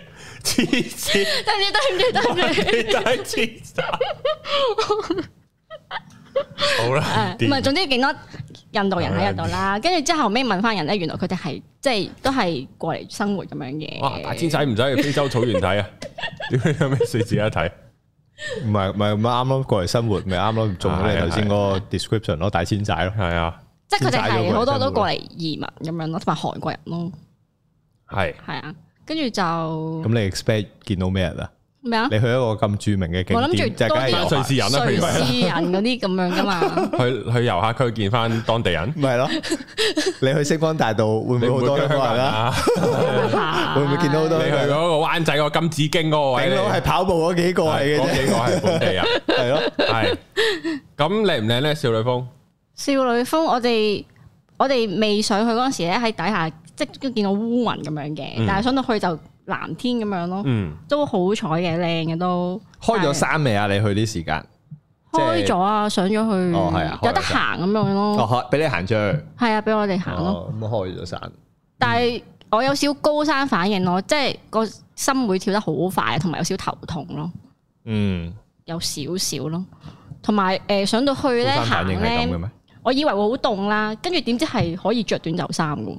黐線。 對唔住，對唔住，對唔住。大遷徙。好啦，唔係總之勁多。印度人喺印度啦，跟住之後尾問翻人咧，原來佢哋係即係都係過嚟生活咁樣嘅。哇！大千仔唔使去非洲草原睇啊，點解咩四字一睇？唔係唔係啱啱咯，過嚟生活咪啱咯，做咗你頭先嗰個 description 咯，大千仔咯。係啊，即係佢哋係好多都過嚟移民咁樣咯，同埋韓國人咯。係。係啊，跟住就。咁你 expect 見到咩人啊？咩啊？你去一個咁著名嘅景點，就梗係瑞士人啦，譬如瑞士人嗰啲咁樣噶嘛？去去遊客區見翻當地人，咪係咯？你去星光大道會唔會好多香港人啊？會唔會見到好多？你去嗰個灣仔個金紫荊嗰個位，係跑步嗰幾個係嗰幾個係本地人，係咯，係。咁靚唔靚咧？少女峰？少女峰，我哋我哋未上去嗰陣時咧，喺底下即係見到烏雲咁樣嘅，但係上到去就。藍天咁樣咯，嗯、都好彩嘅，靚嘅都。開咗山未啊？你去啲時間？開咗啊，上咗去，哦係啊，有得行咁樣咯。哦，俾你行出去。係啊，俾我哋行咯。咁、哦嗯、開咗山。但係我有少高山反應咯，嗯、即係個心會跳得好快，同埋有少頭痛咯。嗯，有少少咯，同埋誒上到去咧行，反應係咁嘅咩？我以為會好凍啦，跟住點知係可以着短袖衫嘅。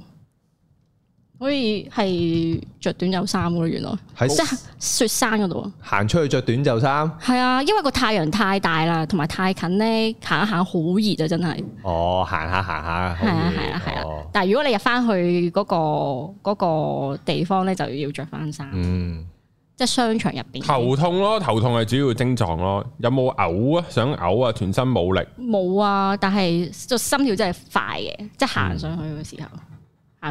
可以係着短袖衫咯，原來喺山是雪山嗰度行出去着短袖衫。係啊，因為個太陽太大啦，同埋太近咧，行一行好熱啊，真係。哦，行下行下，係啊係啊係啊。但係如果你入翻去嗰個個地方咧，就要着翻衫。嗯，即係商場入邊。頭痛咯，頭痛係主要症狀咯。有冇嘔啊？想嘔啊？全身冇力。冇啊！但係就心跳真係快嘅，即係行上去嘅時候。嗯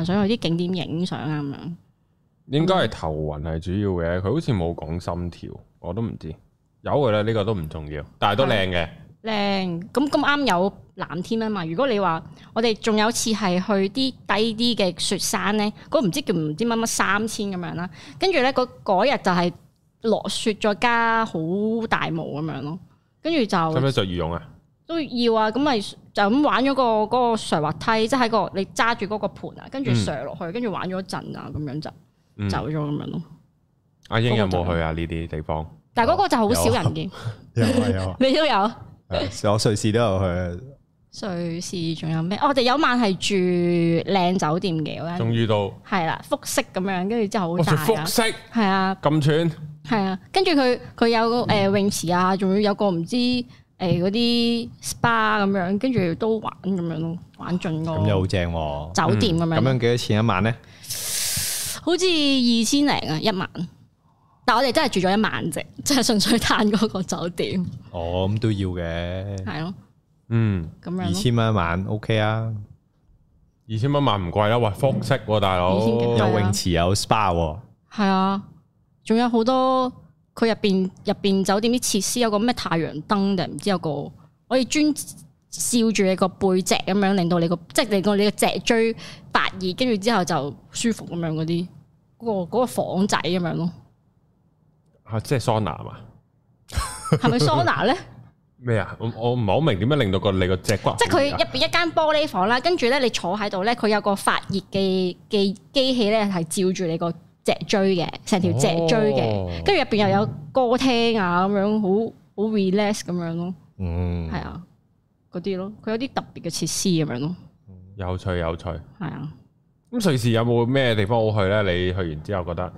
想去啲景點影相啊，咁樣，應該係頭暈係主要嘅，佢、嗯、好似冇講心跳，我都唔知有嘅咧，呢、個都唔重要，但係都靚嘅。靚咁咁啱有藍天啊嘛！如果你話我哋仲有次係去啲低啲嘅雪山咧，嗰、個唔知叫唔知乜乜三千咁樣啦，跟住咧嗰日就係落雪再加好大霧咁樣咯，跟住就。使唔使着羽絨啊？都要啊，咁咪就咁玩咗個嗰個斜滑梯，即係喺個你揸住嗰個盤啊，跟住斜落去，跟住玩咗陣啊，咁樣就走咗咁樣咯。阿英有冇去啊？呢啲地方？但係嗰個就好少人嘅，有有你都有。我瑞士都有去。啊，瑞士仲有咩？我哋有晚係住靚酒店嘅，我覺得。仲遇到。係啦，複式咁樣，跟住之後好大。我住複式。係啊。咁串。係啊，跟住佢佢有誒泳池啊，仲要有個唔知。誒，嗰啲 SPA 咁樣，跟住都玩咁樣咯，玩盡個酒店咁樣。好正啊。咁樣幾、啊嗯、多錢一晚咧？好似二千零啊一晚，但係我哋真係住咗一晚啫，即係純粹嘆嗰個酒店。哦，咁都要嘅。係、啊嗯、咯，嗯，咁二千蚊一晚 OK 啊，二千蚊一晚唔貴啦。喂，複式、啊、大佬，游泳池有 SPA，係啊，仲、啊、有好多。佢入邊入邊酒店啲設施，有個咩太陽燈定唔知有個可以專照住你個背脊咁樣，令到你個即係令到你個脊椎發熱，跟住之後就舒服咁樣嗰啲，嗰個嗰個房仔咁樣咯。啊，即係桑拿啊？係咪桑拿咧？咩 啊？我我唔係好明點樣令到個你個脊骨、啊、即係佢入邊一間玻璃房啦，跟住咧你坐喺度咧，佢有個發熱嘅嘅機器咧係照住你個。脊椎嘅，成條脊椎嘅，跟住入邊又有歌廳啊，咁樣好好 relax 咁樣咯，嗯，係啊，嗰啲咯，佢有啲特別嘅設施咁樣咯，有趣有趣，係啊，咁瑞士有冇咩地方好去咧？你去完之後覺得，誒，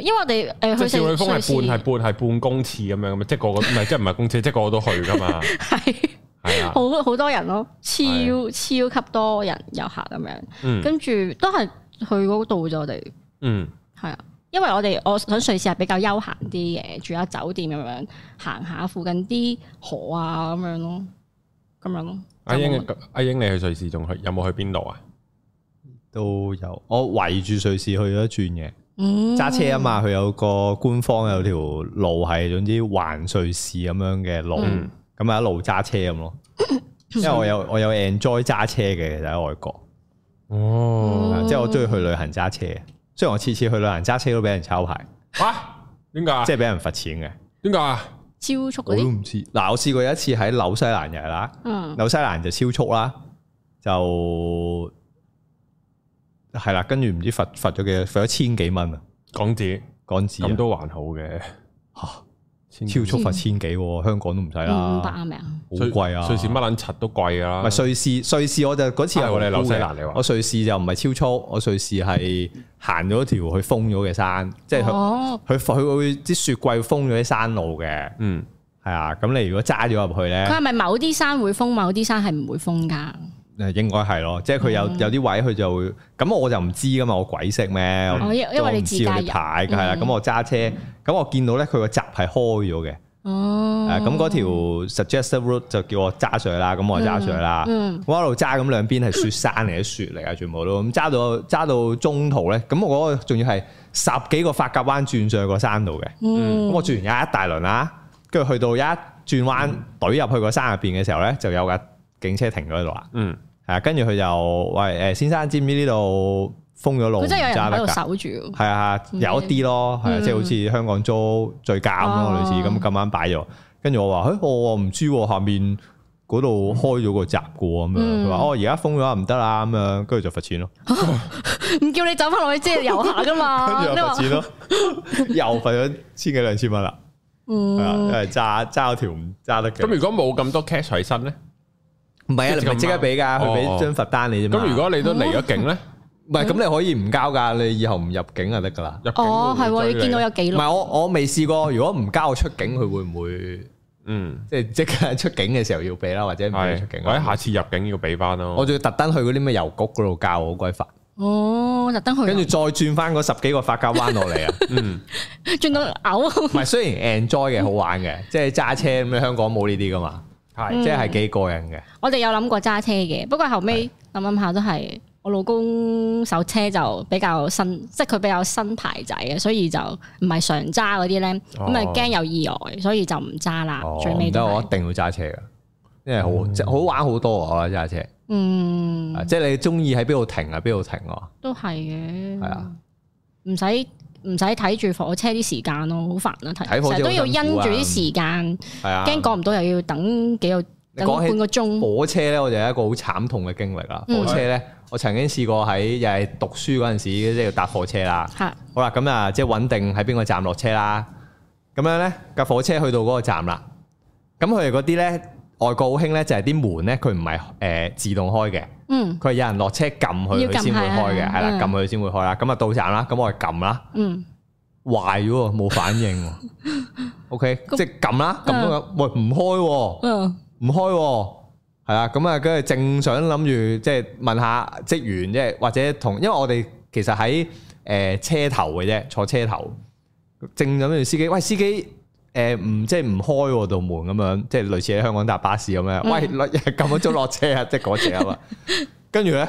因為我哋誒去少女峰係半係半係半公廁咁樣，即係個個唔係即係唔係公廁，即係個個都去噶嘛，係係啊，好好多人咯，超超級多人遊客咁樣，跟住都係。去嗰度就我哋，嗯，係啊，因為我哋我想瑞士係比較休閒啲嘅，住下酒店咁樣，行下附近啲河啊咁樣咯，咁樣咯。有有阿英阿英，你去瑞士仲去有冇去邊度啊？都有，我圍住瑞士去咗一轉嘅，揸、嗯、車啊嘛，佢有個官方有條路係總之環瑞士咁樣嘅路，咁啊、嗯、一路揸車咁咯，嗯、因為我有我有 enjoy 揸車嘅，其實喺外國。哦，oh。即係我鍾意去旅行揸車，雖然我次次去旅行揸車都俾人抄牌。吓？啊？點解？ 即係俾人罰錢嘅？點解？超速嗰啲？我都唔知。嗱，我試過一次喺紐西蘭嘅啦，嗯，紐西蘭就超速啦，就係啦，跟住唔知罰罰咗幾罰咗千幾蚊啊，港紙，港紙，咁都還好嘅。超速罰千幾，香港都唔使啦。五百啊，好貴，嗯、啊！瑞士乜捻柒都貴噶啦。瑞士，瑞士我就嗰次係我哋紐西蘭嚟，話我瑞士就唔係超速，我瑞士係行咗條佢封咗嘅山，哦、即係佢佢佢會啲雪季封咗啲山路嘅。嗯，係啊。咁你如果揸咗入去咧，佢係咪某啲山會封，某啲山係唔會封噶？誒應該係咯，即係佢有有啲位佢就會咁，我就唔知噶嘛，我鬼識咩？我因為你自駕遊係啦，咁我揸、嗯、車，咁、嗯、我見到咧佢個閘係開咗嘅。哦、嗯，咁嗰條 suggestive route 就叫我揸上去啦，咁我揸上去啦。嗯、我一路揸，咁兩邊係雪山嚟，啲雪嚟噶，全部都咁揸到揸到中途咧，咁我嗰個仲要係十幾個發夾彎轉上去個山度嘅。嗯，咁我轉完有一大輪啦，跟住去到有一轉彎懟入、嗯、去個山入邊嘅時候咧，就有架警車停咗喺度啦。嗯。跟住佢又喂，誒，先生知唔知呢度封咗路？佢真係有人喺度守住。係啊，有一啲咯，係啊，即係好似香港租最監咯，類似咁。今晚擺咗，跟住我話，誒，我唔知，下面嗰度開咗個閘過咁樣。佢話哦，而家封咗唔得啦，咁樣，跟住就罰錢咯。唔叫你走翻落去即係遊下噶嘛，你話？又罰咗千幾兩千蚊啦，係啊，因為揸揸條唔揸得嘅。咁如果冇咁多 cash 喺身咧？唔係啊，你咪即刻俾噶，佢俾張罰單你啫嘛。咁如果你都嚟咗境咧，唔係咁你可以唔交噶，你以後唔入境就得噶啦。哦，係喎，見到有記錄。唔係我，我未試過，如果唔交出境，佢會唔會嗯，即係即刻出境嘅時候要俾啦，或者唔俾出境。喂，下次入境要俾翻咯。我仲要特登去嗰啲咩郵局嗰度交，好鬼煩。哦，特登去。跟住再轉翻嗰十幾個髮夾彎落嚟啊！嗯，轉到嘔。唔係，雖然 enjoy 嘅好玩嘅，即係揸車咁樣，香港冇呢啲噶嘛。即係幾過癮嘅。我哋有諗過揸車嘅，不過後尾諗諗下都係，我老公手車就比較新，即係佢比較新牌仔嘅，所以就唔係常揸嗰啲咧，咁啊驚有意外，所以就唔揸啦。哦、最尾。但我一定要揸車㗎，因為好即、嗯、好玩好多啊！揸車，嗯，即係你中意喺邊度停啊？邊度停啊？都係嘅。係啊，唔使。唔使睇住火車啲時間咯，好煩啦睇，火車都要因住啲時間，驚趕唔到又要等幾個的等半個鐘。火車咧，我就係一個好慘痛嘅經歷啦。嗯、火車咧，我曾經試過喺又係讀書嗰陣時，即係搭火車啦。係的。好啦，咁啊，即係穩定喺邊個站落車啦。咁樣咧，架火車去到嗰個站啦。咁佢哋嗰啲咧，外國好興咧，就係啲門咧，佢唔係誒自動開嘅。嗯，佢係有人落車撳佢，佢先會開嘅，係啦，撳佢先會開啦。咁啊到站啦，咁我哋撳啦，壞咗冇反應。O K，即係撳啦，撳咗，喂唔開，唔開，係啦。咁啊，跟住正想諗住即係問下職員，即係或者同，因為我哋其實喺誒車頭嘅啫，坐車頭正諗住司機，喂司機。誒，唔、呃、即係唔開嗰、啊、道門咁樣，即係類似喺香港搭巴士咁樣，嗯、喂，落一撳咗就落車啊，即係嗰隻啊嘛。跟住咧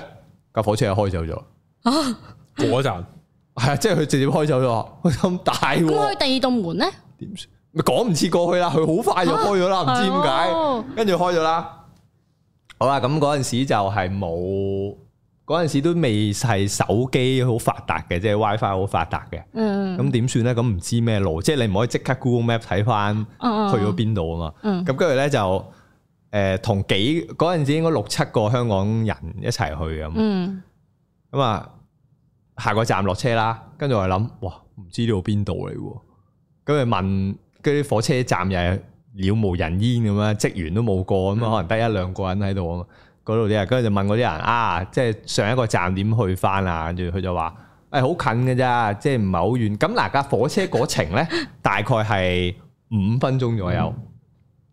架火車又開走咗啊，嗰陣係啊，即係佢直接開走咗，開大開、啊啊、第二道門咧，點算？講唔切過去啦，佢好快就開咗啦，唔、啊、知點解，跟住、啊、開咗啦。好啦、啊，咁嗰陣時就係冇。嗰陣時都未係手機好發達嘅，即係 WiFi 好發達嘅。嗯，咁點算咧？咁唔知咩路，即係你唔可以即刻 Google Map 睇翻去咗邊度啊嘛。嗯，咁跟住咧就誒同幾嗰陣時應該六七個香港人一齊去咁。嗯，咁啊下個站落車啦，跟住我諗，哇唔知呢度邊度嚟喎。咁咪問嗰啲火車站又渺無人煙咁啊，職員都冇個咁啊，嗯、可能得一兩個人喺度啊。嗰度啲人，跟住就問嗰啲人啊，即係上一個站點去返啊，跟住佢就話：誒、哎、好近嘅啫，即係唔係好遠。咁嗱架火車嗰程咧，大概係五分鐘左右，嗯、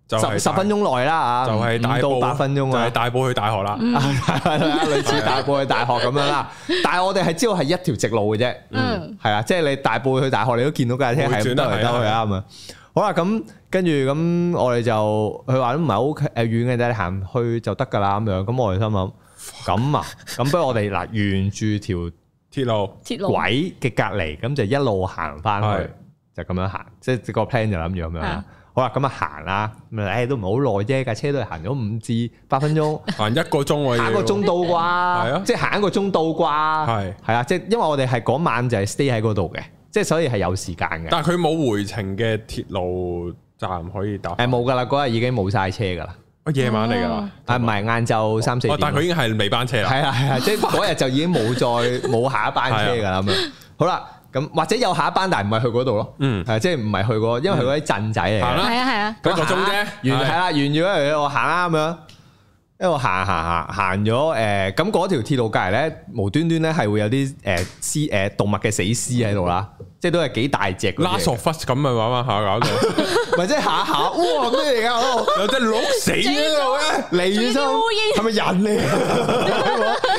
就十、是、十分鐘內啦啊，就係大到八分鐘啊，大埔去大學啦，係、嗯、 類似大埔去大學咁樣啦。 但係我哋係知道係一條直路嘅啫，嗯，係啊，即、就、係、是、你大埔去大學，你都見到架車係咁得嚟得去啱啊。好啦，咁跟住咁，我哋就佢話都唔係好誒遠嘅，你行去就得噶啦咁樣。咁我哋心諗咁啊，咁不如我哋嗱，沿住條鐵路、鐵路軌嘅隔籬，咁就一路行翻去，路就咁樣行，即、就、係、是、個 plan 就諗住咁樣。好啦，咁啊行啦，誒、哎、都唔好耐啫，架車都係行咗五至八分鐘，行一個鐘，行一個鐘到啩，係啊，即係行一個鐘到啩，係係啊，即係因為我哋係嗰晚就係 stay 喺嗰度嘅。即係所以係有時間嘅，但係佢冇回程嘅鐵路站可以搭，誒冇噶啦，嗰日已經冇晒車噶啦，夜晚嚟噶啦，誒唔係晏晝三四點，但係佢已經係尾班車啦，係啊，係啊，即係嗰日就已經冇再冇下一班車噶啦咁樣。好啦，咁或者有下一班，但係唔係去嗰度咯，嗯，誒即係唔係去過，因為佢嗰啲鎮仔嚟，係啊係啊，咁個鐘啫，完係啦，完咗，我行啱咁樣。一路行行行行咗，誒咁嗰條鐵路隔離咧，無端端咧係會有啲誒屍誒動物嘅死屍喺度啦，即係都係幾大隻。拉索忽咁咪玩玩下搞到，咪即係下下，哇！咩嚟噶？有隻鹿死喺度咩？離遠咗，係咪人嚟？喺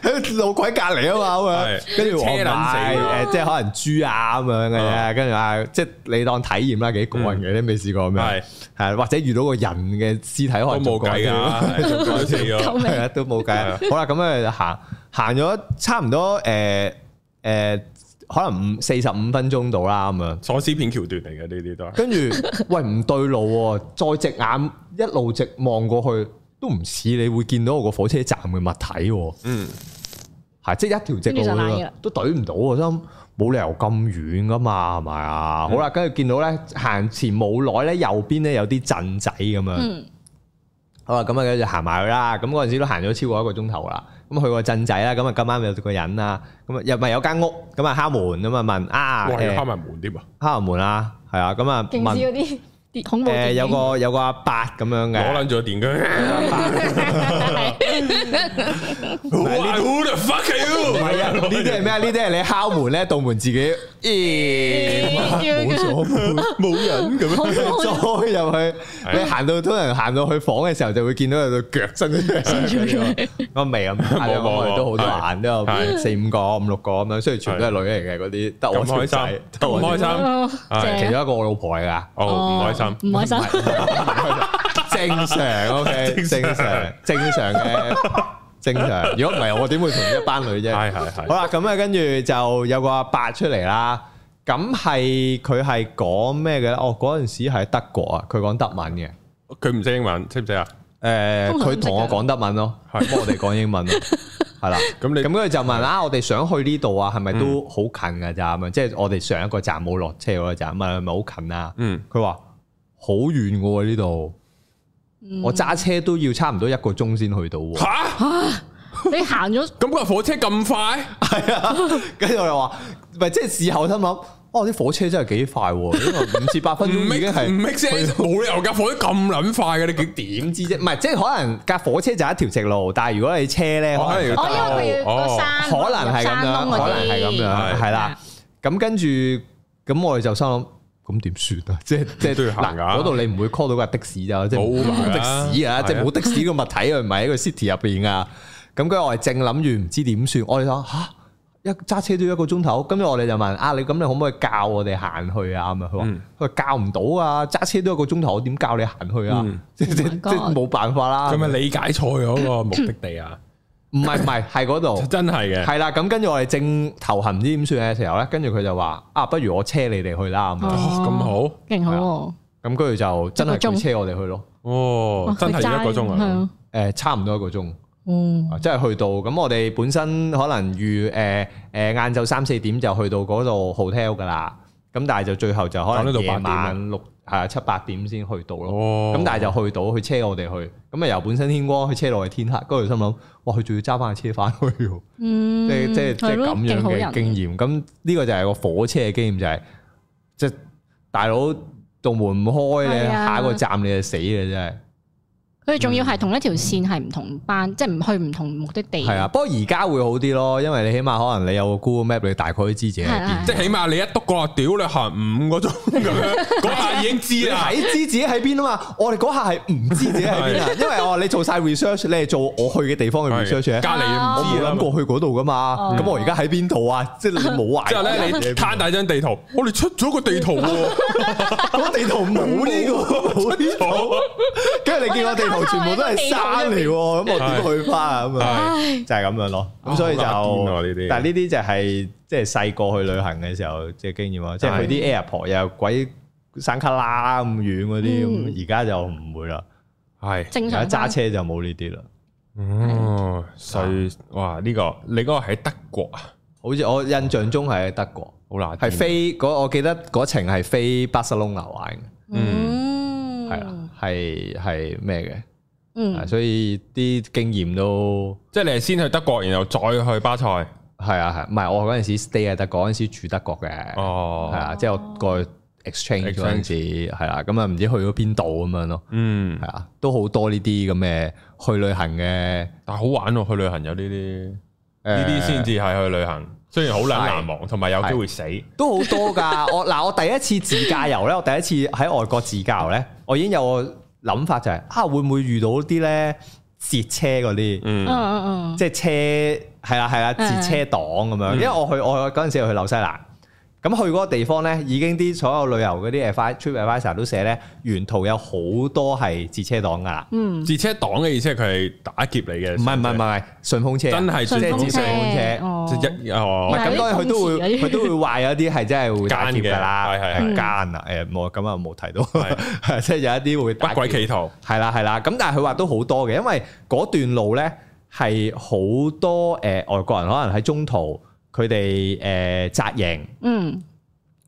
喺路軌隔籬啊嘛，咁樣，跟住我諗，誒，即係可能豬啊咁樣嘅，跟住啊，即係你當體驗啦，幾過癮嘅，你未試過咩？係係，或者遇到個人嘅屍體，都冇計噶，死咗，都冇計。好啦，咁就行行咗差唔多誒誒，可能五四十五分鐘到啦，咁啊，喪屍片橋段嚟嘅呢啲都。跟住喂，唔對路喎，再隻眼一路直望過去。都唔似你會見到個火車站嘅物體，哦，嗯，係即係一條直路都懟唔到啊，真冇理由咁遠噶嘛，係咪啊？嗯、好啦，跟住見到咧，行前冇耐咧，右邊咧有啲鎮仔咁樣，嗯、好啊，咁啊跟住行埋去啦。咁嗰陣時都行咗超過一個鐘頭啦。咁去個鎮仔啦。咁啊今晚有個人有哇啊，咁啊又咪有間屋，咁啊敲門啊嘛，問啊，敲埋門添啊，敲門啊，係啊，咁啊，精緻嗰啲。誒、呃，有個有個阿伯咁樣嘅，我捻住電佢。呢啲係咩啊？呢啲係你敲門咧，道門自己咦，冇鎖門，冇人咁樣再入去。你行到通常行到去房嘅時候，就會見到有對腳伸咗出嚟。我未啊，我哋都好多男，都有四五個、五六個咁樣，雖然全部都係女人嚟嘅嗰啲。唔開心，唔開心，即係其中一個我老婆嚟噶。哦，唔開心，唔開心。正常，O K，正常，正常嘅，正常。如果唔係，我點會同一班女啫？係係係。好啦，咁啊，跟住就有個阿伯出嚟啦。咁係佢係講咩嘅咧？哦，嗰陣時係德國啊，佢講德文嘅。佢唔識英文，識唔識啊？誒，佢同我講德文咯，幫我哋講英文咯，係啦。咁你咁佢就問啦，我哋想去呢度啊，係咪都好近噶咋？咁啊，即係我哋上一個站冇落車嗰站，咪咪好近啊？嗯。佢話好遠嘅喎呢度。我揸車都要差唔多一個鐘先去到。哦啊。吓、啊？你行咗咁個火車咁快？係 啊，跟住我又話，咪即係事後心諗，哦啲火車真係幾快，五至八分鐘已經係，冇 理， 理由架火車咁撚快嘅，你點知啫？唔係， 即、就、係、是、可能架火車就一條直路，但係如果你車咧，可能我、哦、因為要、哦、可能係咁樣，可能係咁樣，係啦的。咁跟住，咁了我哋就心諗。咁點算啊？即係即係對行嗰度你唔會 call 到架的士咋？ 即係冇的士啊！即係冇的士個物體個啊，唔係喺個 city 入邊啊！咁佢我係正諗住唔知點算，我哋話吓一揸車都要一個鐘頭，跟住我哋就問啊，你咁你可唔可以教我哋行去、嗯、啊？咁啊，佢話佢教唔到啊，揸車都要一個鐘頭，我點教你行去啊？嗯、即是、oh、即冇辦法啦！佢咪理解錯咗個目的地啊！ 唔係唔係，係嗰度真係嘅，係啦。咁跟住我哋正頭痕唔知點算嘅時候咧，跟住佢就話：啊，oh, yep, 不如我車你哋去啦。咁好，勁好喎！咁跟住就真係佢車我哋去咯。哦，真係一個鐘啊！誒，差唔多一個鐘。嗯，即係去到咁，我哋本身可能預誒誒晏晝三四點就去到嗰度 hotel 㗎啦。咁但係就最後就可能夜晚六係七八點先去到咯，咁、哦、但係就去到，佢車我哋去，咁啊由本身天光，佢車落去天黑，嗰時心諗，哇佢仲要揸翻架車翻去，嗯、即係即係即係咁樣嘅經驗，咁呢、嗯、個就係個火車嘅經驗就係、是，即係大佬棟門唔開咧，的下一個站你就死嘞，真係。佢哋仲要係同一條線，係唔同班，即係唔去唔同目的地。係啊，不過而家會好啲咯，因為你起碼可能你有個 Google Map，你大概都知自己喺邊，即係起碼你一篤過，屌你行五個鐘咁樣，嗰下已經知啦。睇知自己喺邊啊嘛！我哋嗰下係唔知自己喺邊啊，因為我你做晒 research，你係做我去嘅地方嘅 research，隔離我冇諗過去嗰度噶嘛。咁我而家喺邊度啊？即係你冇壞。即係咧，你攤大張地圖，我哋出咗個地圖喎，個地圖冇呢個，冇錯。跟住你見我哋。全部都係山嚟，咁我點去翻啊？咁啊，就係咁樣咯。咁所以就呢啲，但係呢啲就係即係細個去旅行嘅時候即係經驗啊。即係佢啲 Airpo 又鬼山卡拉咁遠嗰啲，而家就唔會啦。係正常一揸車就冇呢啲啦。嗯，細哇呢個你嗰個喺德國啊？好似我印象中係喺德國，好難。係飛嗰，我記得嗰程係飛巴塞隆拿玩嘅。嗯，係啦。係係咩嘅？嗯、啊，所以啲經驗都即係你係先去德國，然後再去巴塞，係啊係。唔係、啊、我嗰陣時 stay 喺德國嗰陣時住德國嘅。哦，係啊，即係我過去 exchange 嗰陣、哦、時係啊，咁啊唔知去咗邊度咁樣咯。嗯，係啊，都好多呢啲咁嘅去旅行嘅，但係、啊、好玩喎、哦、去旅行有呢啲呢啲先至係去旅行。雖然好難難忘，同埋是有機會死都好多噶。我嗱，我第一次自駕遊咧， 我第一次喺外國自駕遊咧，我已經有個諗法就係、是、啊，會唔會遇到啲咧截車嗰啲？嗯嗯，即係車係啦係啦，截車黨咁樣。嗯、因為我去我嗰陣時去紐西蘭。咁去嗰個地方咧，已經啲所有旅遊嗰啲誒翻 TripAdvisor 都寫咧，沿途有好多係截車黨噶啦。嗯，截車黨嘅意思係佢係打劫嚟嘅。唔係唔係唔係順風車，真係真係截車。哦，咁當然，佢都會佢都會壞有啲係真係會打劫嘅。係係係，奸啊！誒，冇咁啊，冇提到，即係有一啲會不軌企圖。係啦係啦，咁但係佢話都好多嘅，因為嗰段路咧係好多誒外國人可能喺中途。佢哋誒紮營，嗯，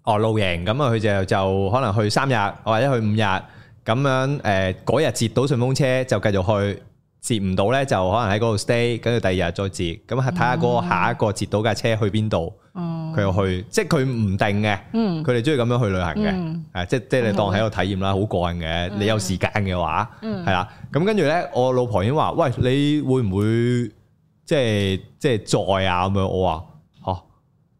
哦露營，咁啊佢就就可能去三日或者去五日，咁樣誒嗰日接到順風車就繼續去，接唔到咧就可能喺嗰度 stay，跟住第二日再接，咁係睇下嗰個下一個接到架車去邊度，佢又去，即係佢唔定嘅，嗯，佢哋中意咁樣去旅行嘅，誒，即係即係你當喺度體驗啦，好過癮嘅，你有時間嘅話，嗯，係啦，咁跟住咧，我老婆已經話，喂，你會唔會即係即係在啊咁樣？我話。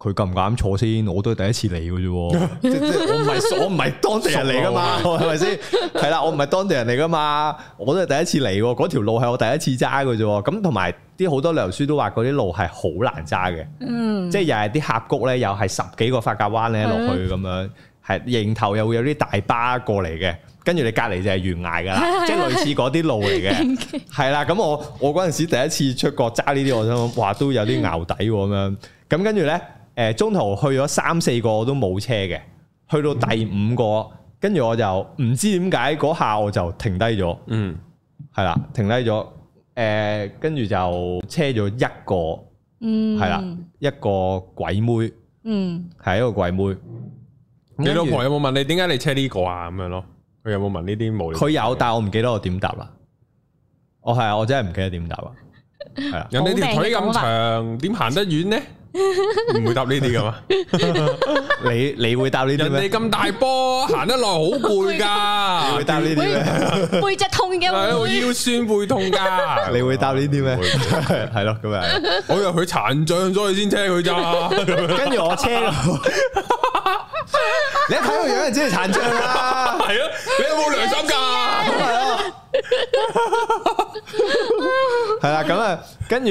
佢敢唔敢坐先？我都係第一次嚟㗎啫， 即即 我唔係我唔係當地人嚟噶嘛，係咪先？係啦，我唔係當地人嚟噶嘛，我都係第一次嚟。嗰條路係我第一次揸㗎啫，咁同埋啲好多旅遊書都話嗰啲路係好難揸嘅，嗯、即係又係啲峽谷咧，又係十幾個髮夾彎咧落去咁樣，係迎、嗯、是頭又會有啲大巴過嚟嘅，跟住你隔籬就係懸崖噶啦，嗯、即類似嗰啲路嚟嘅，係啦。咁我我嗰陣時第一次出國揸呢啲，我諗哇都有啲淆底咁樣，咁跟住咧。誒，中途去咗三四個我都冇車嘅，去到第五個，跟住我就唔知點解嗰下我就停低咗。嗯，係啦，停低咗。誒，跟住就車咗一個。嗯，係啦，一個鬼妹。嗯，係一個鬼妹。你老婆有冇問你點解你車呢個啊？咁樣咯，佢有冇問呢啲冇？佢有，但係我唔記得我點答啦。我係啊，我真係唔記得點答啊。係啊，人哋條腿咁長，點行得遠呢？唔會搭呢啲噶嘛？ 你你會搭呢啲咩？人哋咁大波行得落好攰噶。會搭呢啲咩？背脊痛嘅，係腰酸背痛噶。你會搭呢啲咩？係咯、嗯，咁、 就係、樣。我以為佢殘障咗，佢先車佢咋？跟住 我車咯。 你睇我樣就真係殘障啦。係咯，你有冇良心噶？嗯係啦，咁啊， 跟住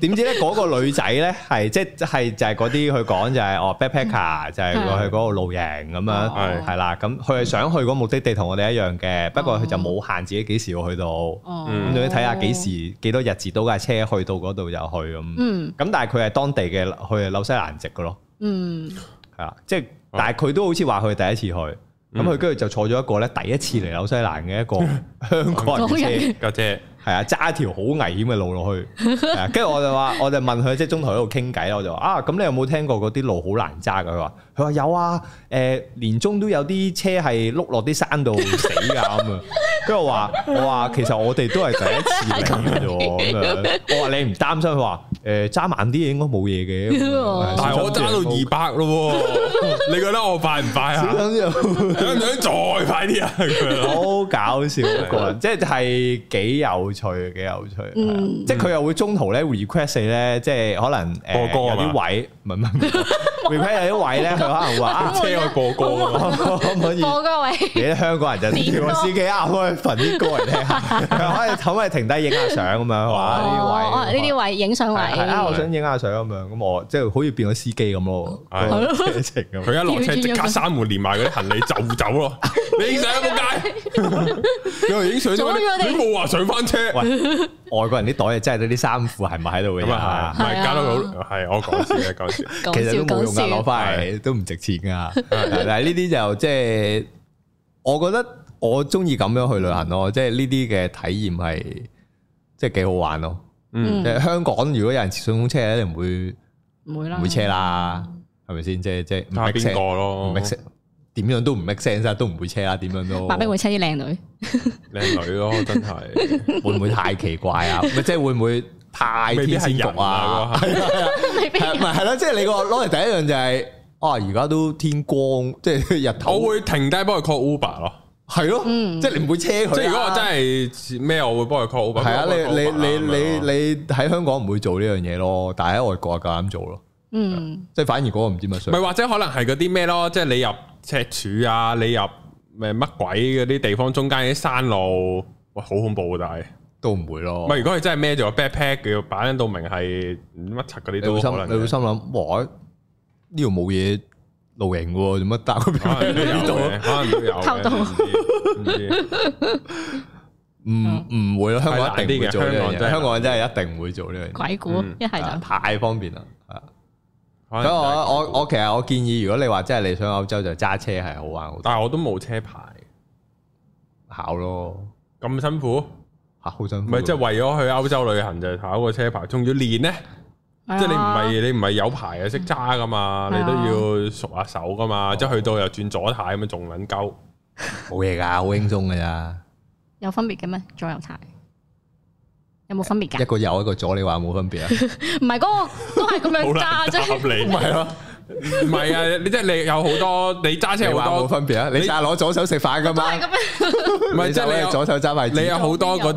點知咧？嗰個女仔咧，係即係就係嗰啲佢講，就係、是就是、哦，backpacker 就係去嗰個露營咁樣，係啦的。咁佢係想去嗰個目的地，同我哋一樣嘅，不過佢就冇限自己幾時要去到，咁仲要睇下幾時幾多日子都架車去到嗰度就去咁。嗯，咁但係佢係當地嘅，去紐西蘭籍嘅咯。嗯，係啦，即係，但係佢都好似話佢第一次去。咁佢跟住就坐咗一個咧，第一次嚟紐西蘭嘅一個香港人嘅車，架車係啊，揸一條好危險嘅路落去，跟住、啊、我就話，我就問佢即係中途喺度傾偈啦，我就話啊，咁你有冇聽過嗰啲路好難揸㗎？佢話。佢話有啊，誒年終都有啲車係碌落啲山度死㗎，咁啊！跟住我話，我話其實我哋都係第一次嚟嘅喎。我話你唔擔心，佢話，誒揸慢啲應該冇嘢嘅，但係我揸到二百咯，你覺得我快唔快啊？想唔想再快啲啊？好搞笑個人，即係係幾有趣，幾有趣。嗯，即係佢又會中途咧 request 你咧，即係可能誒有啲位問問有啲位咧。可能話啱車去播歌，可唔可以？位，你香港人就調個司機啱開瞓啲歌嚟聽下，可以可唔可以停低影下相咁樣？哇！呢啲位影相位，係啊！我想影下相咁樣，咁我即係好似變咗司機咁咯，表情咁。佢一落車即刻閂門，連埋嗰啲行李就走咯。你影相冇計，你影相都冇話上翻車。外國人啲袋係真係啲衫褲係咪喺度嘅，咁啊係，係加好。係我講笑咧，講笑，講笑，講笑，攞翻嚟唔值錢噶，但係呢啲就即係，我覺得我中意咁樣去旅行咯，即係呢啲嘅體驗係，即係幾好玩咯。嗯，香港如果有人坐順風車咧，一定唔會唔會啦，唔會車啦，係咪先？即係即係唔係邊個咯？唔 make sense，點樣都唔 make sense 啊，都唔會車啦，點樣都怕咩會車啲靚女，靚女咯，真係會唔會太奇怪啊？咪即係會唔會太天仙局啊？係啊，係啊，唔係係咯，即係你個攞嚟第一樣就係。啊！而家都天光，即係日頭。我會停低幫佢 call Uber 咯，係咯，即係你唔會車佢。即係如果我真係咩，我會幫佢 call Uber。係啊，你你你你你喺香港唔會做呢樣嘢咯，但係喺外國夠膽做咯。嗯，即係反而嗰個唔知乜水。咪或者可能係嗰啲咩咯，即係你入赤柱啊，你入咩乜鬼嗰啲地方，中間啲山路，哇，好恐怖，但係都唔會咯。咪如果佢真係孭就 backpack 嘅，擺到明係乜柒嗰啲都可能。你會心諗哇？呢度冇嘢露營喎，做乜搭邊度？可能都有嘅，偷洞。唔唔會咯，香港一定會做。香港人真係一定唔會做呢樣嘢。鬼故一係就太方便啦。咁我我我其實我建議，如果你話真係你想歐洲就揸車係好玩，好多。但係我都冇車牌考咯，咁辛苦吓，好辛苦。唔係即係為咗去歐洲旅行就考個車牌，仲要練呢？即係你唔係你唔係有牌啊，識揸噶嘛，你都要熟下手噶嘛，即係去到又轉左踩咁樣，仲捻鳩，冇嘢噶，好輕鬆噶咋，有分別嘅咩？左右踩有冇分別噶？一個右一個左，你話有冇分別啊？唔係嗰個都係咁樣揸啫，唔係咯。唔係啊，你即係你有好多你揸車好多冇分別啊，你就係攞左手食飯噶嘛，唔係即係你左手揸埋，你有好多嗰啲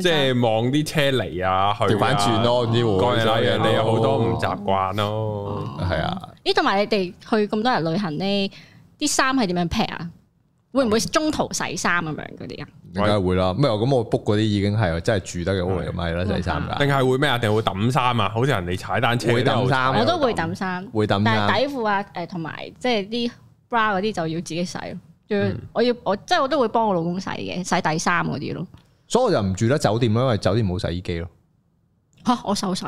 即係望啲車嚟啊去啊，調翻轉咯，唔知何嘢啦樣，你有好多唔習慣咯，係啊。咦，同埋你哋去咁多人旅行咧，啲衫係點樣劈啊？會唔會中途洗衫咁樣嗰啲啊？梗係會啦，咩咁我 book 嗰啲已經係真係住得嘅，我咪買咗底衫，洗衫定係會咩啊？定會揼衫啊？好似人哋踩單車。會揼衫，我都會揼衫。會揼衫，但係底褲啊，誒，同埋即係啲 bra 嗰啲就要自己洗咯。仲要我要我即係我都會幫我老公洗嘅，洗底衫嗰啲咯。所以我就唔住得酒店咯，因為酒店冇洗衣機咯。吓，我手洗，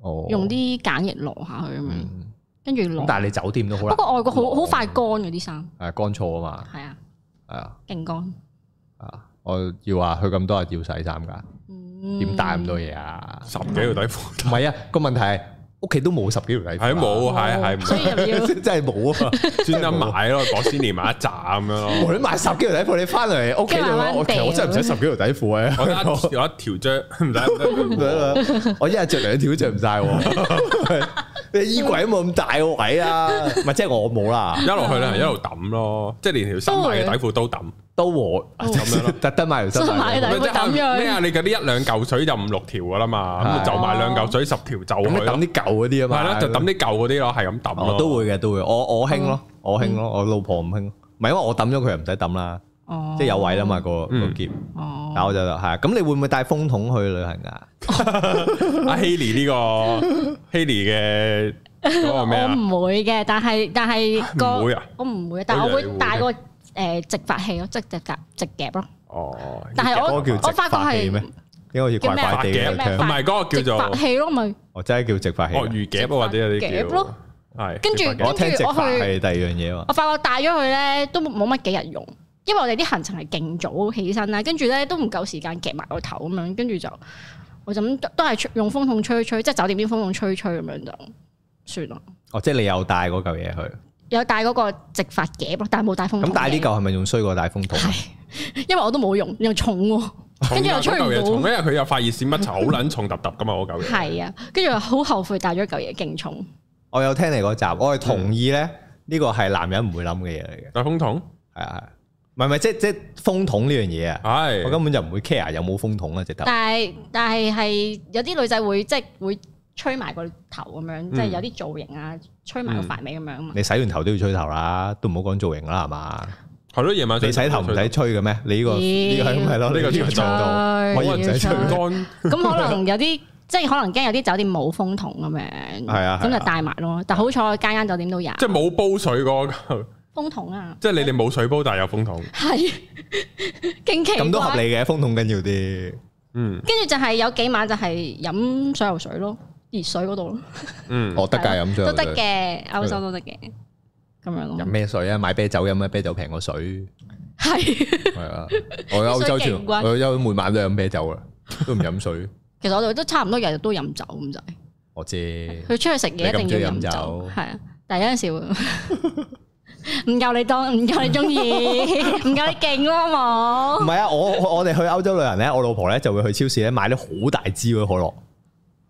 哦，用啲鹼液落下去咁樣，跟住。但係你酒店都好啊。不過外國好好快乾嗰啲衫。係乾燥啊嘛。係啊。係啊。勁乾。啊！我要話去咁多日要洗衫噶，點帶咁多嘢啊？十幾條底褲？唔係啊，個問題屋企都冇十幾條底褲。係冇，係係，唔係，真係冇啊！專登買咯，講先連埋一紮咁樣咯。你買十幾條底褲，你翻嚟屋企度，我其實我真係唔使十幾條底褲啊！我有一條着，唔使。我一日着嚟兩條着唔晒。你衣櫃都冇咁大個位啊，咪即係我冇啦，一路去咧，一路抌咯，即係連條新買嘅底褲都抌，都和咁樣咯，特登買條新買嘅底褲抌咗。咩啊？你嗰啲一兩嚿水就五六條噶啦嘛，咁就埋兩嚿水十條就去抌啲舊嗰啲啊嘛。係咯，就抌啲舊嗰啲咯，係咁抌咯。都會嘅，都會，我我興咯，我興咯，我老婆唔興，唔係因為我抌咗佢，唔使抌啦。哦，即係有位啦嘛，個個夾，但我就係咁，你會唔會帶風筒去旅行啊？阿希尼呢個希尼嘅，我唔會嘅，但係但係個我唔會啊，我唔會，但我會帶個誒直髮器咯，直直夾直夾咯。哦，但係我我發覺係應該叫刮髮夾，唔係嗰個叫做直髮器咯，咪？哦，真係叫直髮器，哦，鱷魚夾或者有啲叫。係，跟住跟住我去，係第二樣嘢嘛。我發覺帶咗去咧，都冇乜幾日用。因為我哋啲行程係勁早起身啦，跟住咧都唔夠時間夾埋個頭咁樣，跟住就我就都係用風筒吹吹，即係酒店啲風筒吹吹咁樣就算啦。哦，即係你又帶嗰嚿嘢去，有帶嗰個直髮夾，但係冇帶風筒。咁帶呢嚿係咪仲衰過帶風筒？因為我都冇用，又重喎，啊， 跟住又吹唔到。 重，因為佢又 發熱線乜巢，好撚重揼揼噶嘛，我嚿嘢。係啊，跟住好後悔帶咗嚿嘢，勁重。 我有聽你嗰集，我係同意咧，呢個係男人唔會諗嘅嘢嚟嘅。帶風筒係 啊係。唔係唔係，即即風筒呢樣嘢啊！我根本就唔會 care 有冇風筒啊直頭。但係但係係有啲女仔，會即會吹埋個頭咁樣，即係有啲造型啊，吹埋個髮尾咁樣。你洗完頭都要吹頭啦，都唔好講造型啦，係嘛？係咯，夜晚你洗頭唔使吹嘅咩？你呢個呢個係咯，呢個呢個做到可以唔使吹乾。咁可能有啲即係可能驚有啲酒店冇風筒咁樣，係啊，咁就帶埋咯。但好彩間間酒店都有，即係冇煲水嗰風筒啊！即係你哋冇水煲，但係有風筒，係驚奇咁都合理嘅。風筒緊要啲，嗯。跟住就係有幾晚就係飲水喉水咯，熱水嗰度咯。嗯，哦得噶飲水，都得嘅，歐洲都得嘅，咁樣咯。飲咩水啊？買啤酒飲咩，啤酒平過水。係係啊，我歐洲全，我喺每晚都飲啤酒啊，都唔飲水。其實我哋都差唔多日日都飲酒咁滯。我知。去出去食嘢一定要飲酒，係啊，但係有陣時會。唔夠你當，唔夠你中意，唔夠你勁咯，冇。唔係啊，我我哋去歐洲旅行咧，我老婆咧就會去超市咧買啲好大支嘅可樂。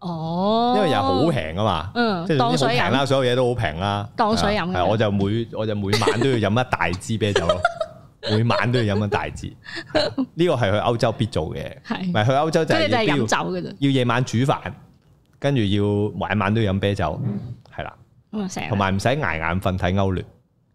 哦，oh, 因為又好平啊嘛，即係、嗯、當水飲啦，所有嘢都好平啦，當水飲。係我就每我就每晚都要飲一大支啤酒， 每晚都要飲一大支。呢個係去歐洲必做嘅，係咪的去歐洲就要要？所以就係飲酒嘅啫。要夜晚煮飯，跟住要晚晚都要飲啤酒，係啦。同埋唔使捱眼瞓睇歐聯。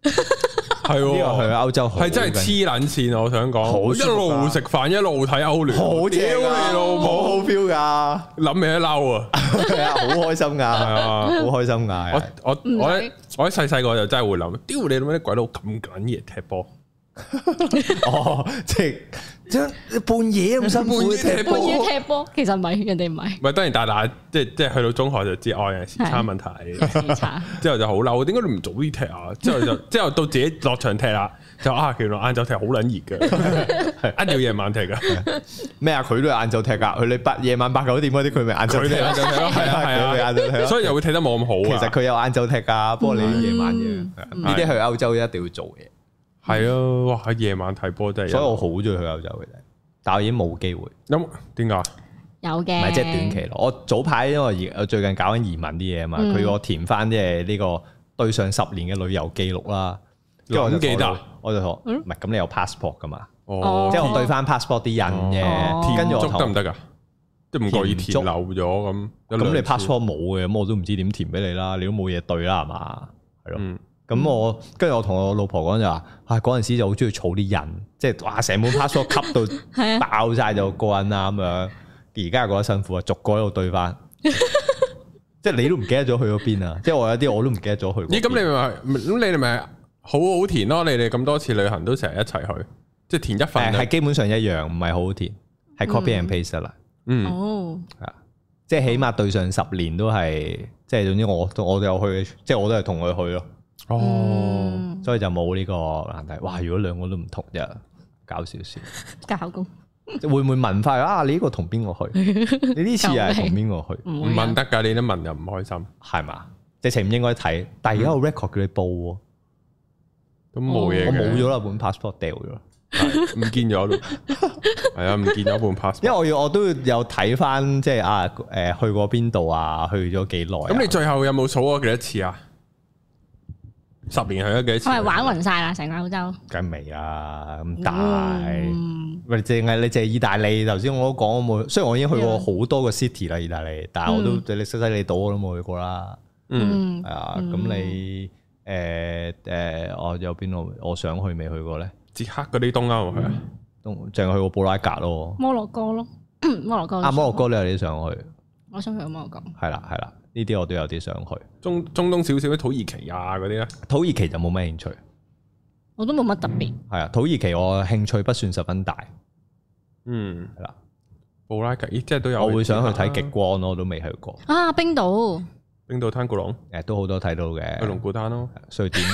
係，呢 個去歐洲，係真係黐捻線啊！ 我想講，一路食飯一路睇歐聯，好屌、啊、你老母！Oh、好 feel 噶，諗咩都嬲啊！ 啊，好開心噶，好開心噶！我我我我細細個就真係會諗，屌你老母啲鬼佬咁緊嘢踢波。 哦，即係即係半夜咁辛苦半夜踢波，踢波其實唔係，人哋唔係，唔係當然大大即係即係去到中學就知，愛、哦、有時差問題，之後就好嬲，點解你唔早啲踢啊？之後就之後到自己落場踢啦，就啊，其實晏晝踢好撚熱嘅，係一定要夜晚踢嘅咩啊？佢都有晏晝踢噶，佢你八夜晚八九點嗰啲，佢咪晏晝踢係係晏晝踢，所以又會踢得冇咁好，啊。其實佢有晏晝踢噶，不過你夜晚嘅呢啲去歐洲一定要做嘅。係啊，哇，喺夜晚睇波真係，所以我好中意去歐洲嘅，但係我已經冇機會。咁點解？有嘅，唔係即係短期咯。我早排因為最近搞緊移民啲嘢啊嘛。佢個填翻即係呢個對上十年嘅旅遊記錄啦。我咁記得，我就學唔係咁，你有 passport 噶嘛？哦，即係我對翻 passport 啲印嘅，跟住我填得唔得噶？即係唔覺意填漏咗咁。咁你 passport 冇嘅，咁我都唔知點填俾你啦。你都冇嘢對啦，係嘛？係咯。咁、嗯、我跟住我同我老婆講就話，啊嗰陣時就好中意儲啲人，即係哇成本 passport 吸到爆晒就過癮啦咁樣。而家 覺得辛苦啊，逐個喺度對翻， 即係你都唔記得咗去咗邊啊！即係我有啲我都唔記得咗去咦。咦？咁你咪咁你哋咪好好填咯？你哋咁、啊、多次旅行都成日一齊去，即係填一份係、嗯、基本上一樣，唔係好好填，係 copy and paste 啦。嗯，哦、嗯，啊，即係起碼對上十年都係，即係總之我我都有去，即係我都係同佢去咯。哦，oh, 嗯、所以就冇呢個難題。哇，如果兩個都唔同，就搞少少。教工功會唔會問翻啊？你呢個同邊個去？你呢次又係同邊個去？唔 是問得噶，你都問又唔開心，係嘛？直情唔應該睇，但係而家 record、嗯、叫你報，咁冇嘢，我冇咗啦，本 passport 掉咗，唔見咗咯，係啊，唔見咗本 passport。 因為我要我都要有睇翻，即係啊，誒、呃，去過邊度啊？去咗幾耐？咁你最後有冇數過幾多次啊？ 十年去咗幾次？我係玩勻晒啦，成個歐洲。梗未啊，咁大，喂、嗯，係淨係你淨係意大利。頭先我都講冇，雖然我已經去過好多個 city 啦，意大利，但係我都對你、嗯、西西里島我都冇去過啦。嗯，係啊，咁、嗯、你誒誒、呃呃，我有邊度我想去未去過咧？捷克嗰啲東歐、嗯、啊，去？係啊，東淨係去過布拉格咯，摩洛哥咯，摩洛哥啊，摩洛哥你有你想去？我想去摩洛哥。係啦，係啦。呢啲我都有啲想去，中中東少少嘅土耳其啊嗰啲咧，土耳其就冇咩興趣，我都冇乜特別。係、嗯、啊，土耳其我興趣不算十分大，嗯係啦。布拉格，咦，即係都有。我會想去睇極光咯，我都未去過。啊，島啊，冰島，冰島灘古龍，誒都好多睇到嘅。去龍古灘咯、啊，瑞典。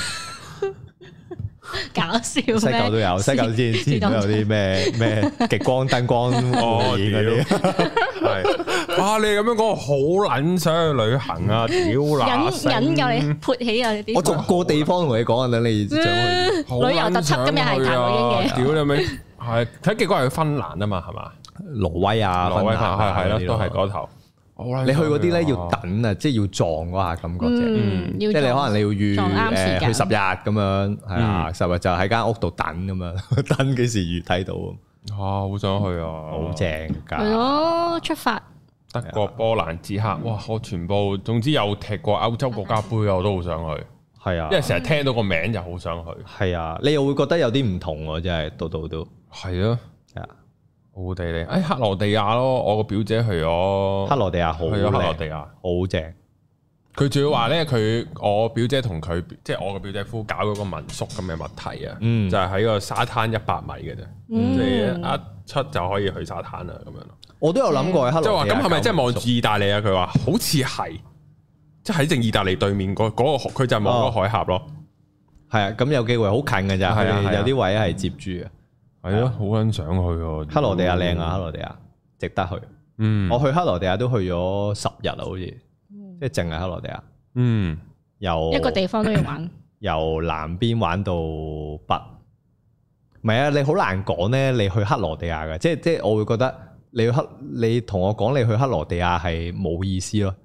搞笑西九都有，西九之前之前都有啲咩咩極光燈光表啲，係啊！你咁樣講，好撚想去旅行啊！屌乸，引引嘅你潑起啊！我逐個地方同你講啊，你你想去旅遊特輯今日係談育鷹嘅，屌你咪係睇極光係去芬蘭啊嘛，係嘛？挪威啊，挪威係係係啦，都係嗰頭。你去嗰啲咧要等啊，即係要撞嗰下感覺啫，即係你可能你要預時間去十日咁樣，係啊，十日就喺間屋度等咁樣，等幾時遇睇到啊？好想去啊，好正㗎！哦，出發德國、波蘭、捷克，哇！我全部總之有踢過歐洲國家杯，我都好想去，係啊，因為成日聽到個名就好想去，係啊，你又會覺得有啲唔同喎，真係到到到係啊，啊！奧地利，誒，克羅地亞咯，我個表姐去咗，羅亞去克羅地亞好靚，去咗克羅地亞好正，佢仲要話咧，佢我表姐同佢，即、就、係、是、我個表姐夫搞嗰個民宿咁嘅物體啊，嗯、就係喺個沙灘一百米嘅啫，即係、嗯、一出就可以去沙灘啦咁樣。我都有諗過即係話咁係咪即係望住意大利啊？佢話好似係，即係喺正意大利對面嗰嗰、那個，佢就望嗰海峽咯。係啊，咁有機會好近嘅咋 tone: 對，有啲位係接住啊。係咯，好想去噶。克羅地亞靚啊，克羅地亞、啊哦、值得去。嗯，我去克羅地亞都去咗十日啦，好似即係淨係克羅地亞。嗯，是是嗯由一個地方都要玩， 由南邊玩到北。唔係啊，你好難講咧。你去克羅地亞嘅，即係即係我會覺得你克你同我講你去克羅地亞係冇意思咯。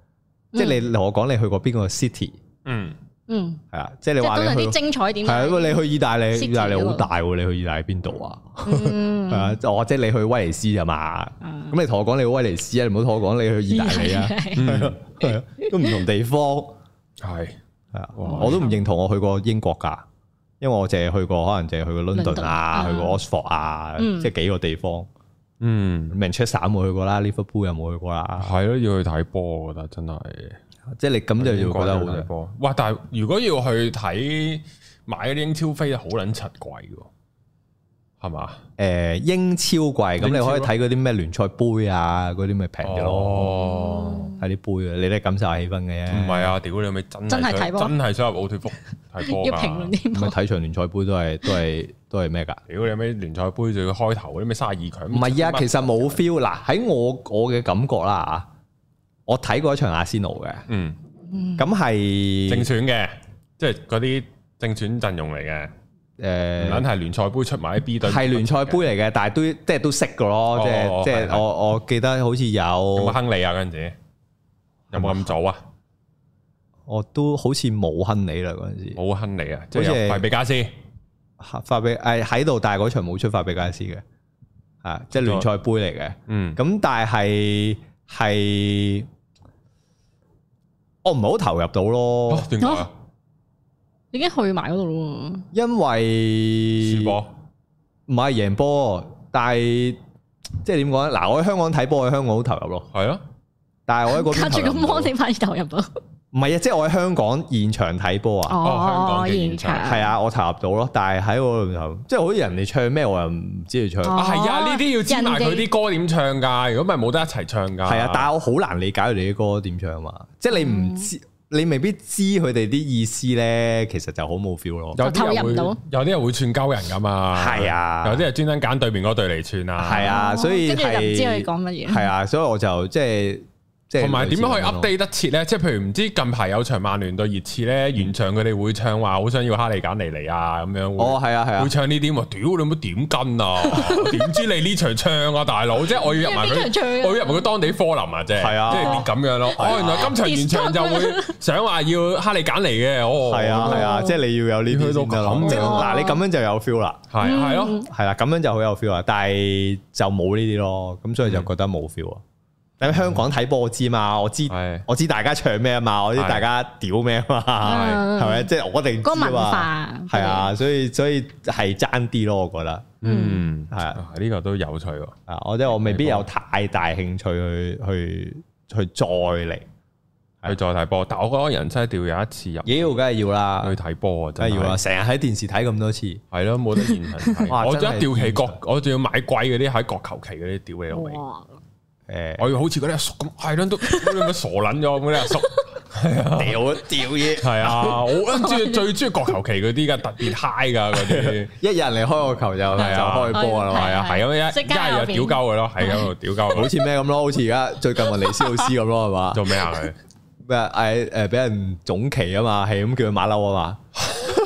嗯、即係你同我講你去過邊個 city，嗯。嗯，係啊，即係你話。當然啲精彩點。係啊，因為你去意大利，意大利好大喎。你去意大利邊度啊？係啊，我即係你去威尼斯啊嘛。咁你同我講你去威尼斯啊，你唔好同我講你去意大利啊。係咯，都唔同地方。係係啊，我都唔認同我去過英國噶，因為我淨係去過可能淨係去過倫敦啊，去過 Oxford 啊，即係幾個地方。嗯，Manchester 冇去過啦，利物浦又冇去過啦。係咯，要去睇波，我覺得真係。即係你咁就要覺得好睇波，哇！但係如果要去睇買英超飛，好撚七貴嘅，係嘛？誒、呃，英超貴咁，貴你可以睇嗰啲咩聯賽杯啊，嗰啲咪平啲咯。睇啲、哦嗯、杯嘅，你都係感受下氣氛嘅啫。唔係、嗯、啊，屌你有有，有咩真真係睇真係想入奧脫福睇波啊！咪睇場聯賽杯都係都係都係咩噶？如果你有咩聯賽杯就要開頭嗰啲咩卅二強？唔係啊，其實冇 feel 嗱，喺我我嘅感覺啦啊！我睇過一場亞仙奴嘅，嗯，咁係正選嘅，即係嗰啲正選陣容嚟嘅。誒，唔撚係聯賽杯出埋啲 B 隊，係聯賽杯嚟嘅，但係都即係都識㗎囉，即係即係我我記得好似有。有亨利啊嗰陣時，有冇咁早啊？我都好似冇亨利啦嗰陣時，冇亨利啊，即係有法比加斯法比誒喺度，但係嗰場冇出法比加斯嘅，嚇，即係聯賽杯嚟嘅。嗯，咁但係係。我唔係好投入到咯，點解、啊啊？已經去埋嗰度咯，因為唔係贏波，但係即係點講咧？嗱，我喺香港睇波，喺香港好投入咯，係啊，但係我喺個揸住個芒反而投入到。唔係啊，即係、就是、我喺香港現場睇波啊！哦，香港現場係場啊，我投入到咯，但係喺我度即係好似人哋唱咩，我又唔知佢唱。係啊、哦，呢啲、哎、要知埋佢啲歌點唱㗎，如果唔係冇得一齊唱㗎。係啊，但係我好難理解佢哋啲歌點唱嘛，即係你唔知，嗯、你未必知佢哋啲意思咧，其實就好冇 feel 咯。就投入到。有啲人會，有啲人會串鳩人㗎嘛。係啊，有啲人專登揀對面嗰對嚟串啊。係啊，所以係。唔、哦、知佢講乜嘢。係啊，所以我就即係。同埋點樣可以 update 得切咧？即係譬如唔知近排有場曼聯對熱刺咧，現場佢哋會唱話好想要哈利簡尼尼啊咁樣。哦，係啊，係啊，會唱呢啲啊？屌你冇點跟啊？點知你呢場唱啊，大佬！即係我要入埋佢。邊場唱啊？我入埋佢當地科林啊！即係即係咁樣咯。原來今場現場就會想話要哈利簡尼嘅。哦，係啊，係啊，即係你要有呢啲都咁樣。嗱，你咁樣就有 feel 啦。係係咯，係啦，咁樣就好有 feel 啊。但係就冇呢啲咯，咁所以就覺得冇 feel 啊。喺香港睇波知嘛？我知我知大家唱咩啊嘛？我知大家屌咩啊嘛？係咪？即係我哋文化係啊，所以所以係爭啲咯，我覺得嗯係啊，呢個都有趣啊！我即係我未必有太大興趣去去去再嚟去再睇波，但我覺得人真係屌有一次入，妖梗係要啦去睇波啊！真係要啊！成日喺電視睇咁多次，係咯冇得現，我即係吊旗國，我仲要買貴嗰啲喺國球旗嗰啲屌畀我。我要好似嗰啲阿叔咁，係咯都嗰啲咁傻捻咗，嗰啲阿叔，屌啊屌嘢，係啊，我跟最中意國球旗嗰啲噶特別 high 噶嗰啲，一有人嚟開個球就係啊開波啊，係啊，係咁樣一係啊，屌鳩佢咯，係咁度屌鳩，好似咩咁咯，好似而家最近雲尼斯奧斯咁咯，係嘛？做咩啊佢？咩誒誒，俾人總期啊嘛，係咁叫佢馬騮啊嘛，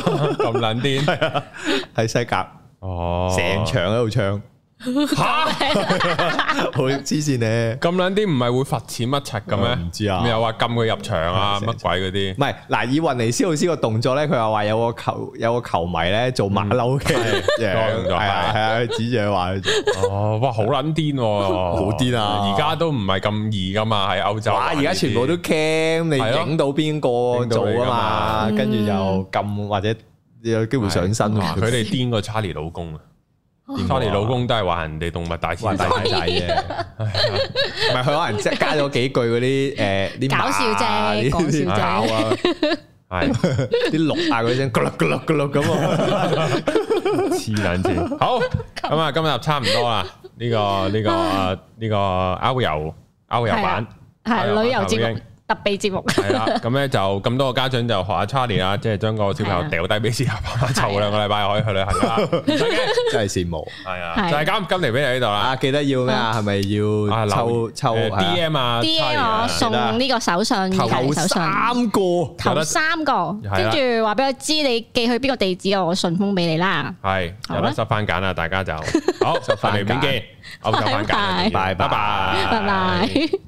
咁撚癲，喺西甲，哦，成場喺度唱。吓！好黐線你？咁撚啲唔係會罰錢乜柒嘅咩？唔知啊，又話禁佢入場啊，乜鬼嗰啲？唔係嗱，以雲尼斯老師個動作咧，佢又話有個球有個球迷咧做馬騮嘅，係啊係啊，指住佢話佢做。哦，哇，好撚癲，好癲啊！而家都唔係咁易噶嘛，喺歐洲。哇，而家全部都 cam 你影到邊個做啊嘛，跟住又禁或者有機會上身，佢哋癲過查理老公啊！Tony 老公都係話人哋動物大天大眼仔嘅，唔係佢可能即係加咗幾句嗰啲誒，呃、搞笑啫，些搞啊，係啲六啊嗰啲聲咕碌咕碌咁黐似難好咁、這個這個、啊，今日差唔多啦，呢、啊這個呢個呢個歐遊歐遊版係旅遊節目。特別節目係啦，咁咧就咁多個家長就學 Charlie 啦，即係將個小朋友掉低俾啲阿爸阿媽，湊兩個禮拜可以去旅行啦，真係羨慕，係啊！就係今嚟期你喺度啦，記得要啊，係咪要抽抽 DM 啊？DM 我送呢個手信，有手信。三個，頭三個，跟住話俾我知你寄去邊個地址，我順豐俾你啦。係，好啦，收翻簡啦，大家就好，收翻嚟邊機，收翻簡，拜拜，拜拜，拜拜。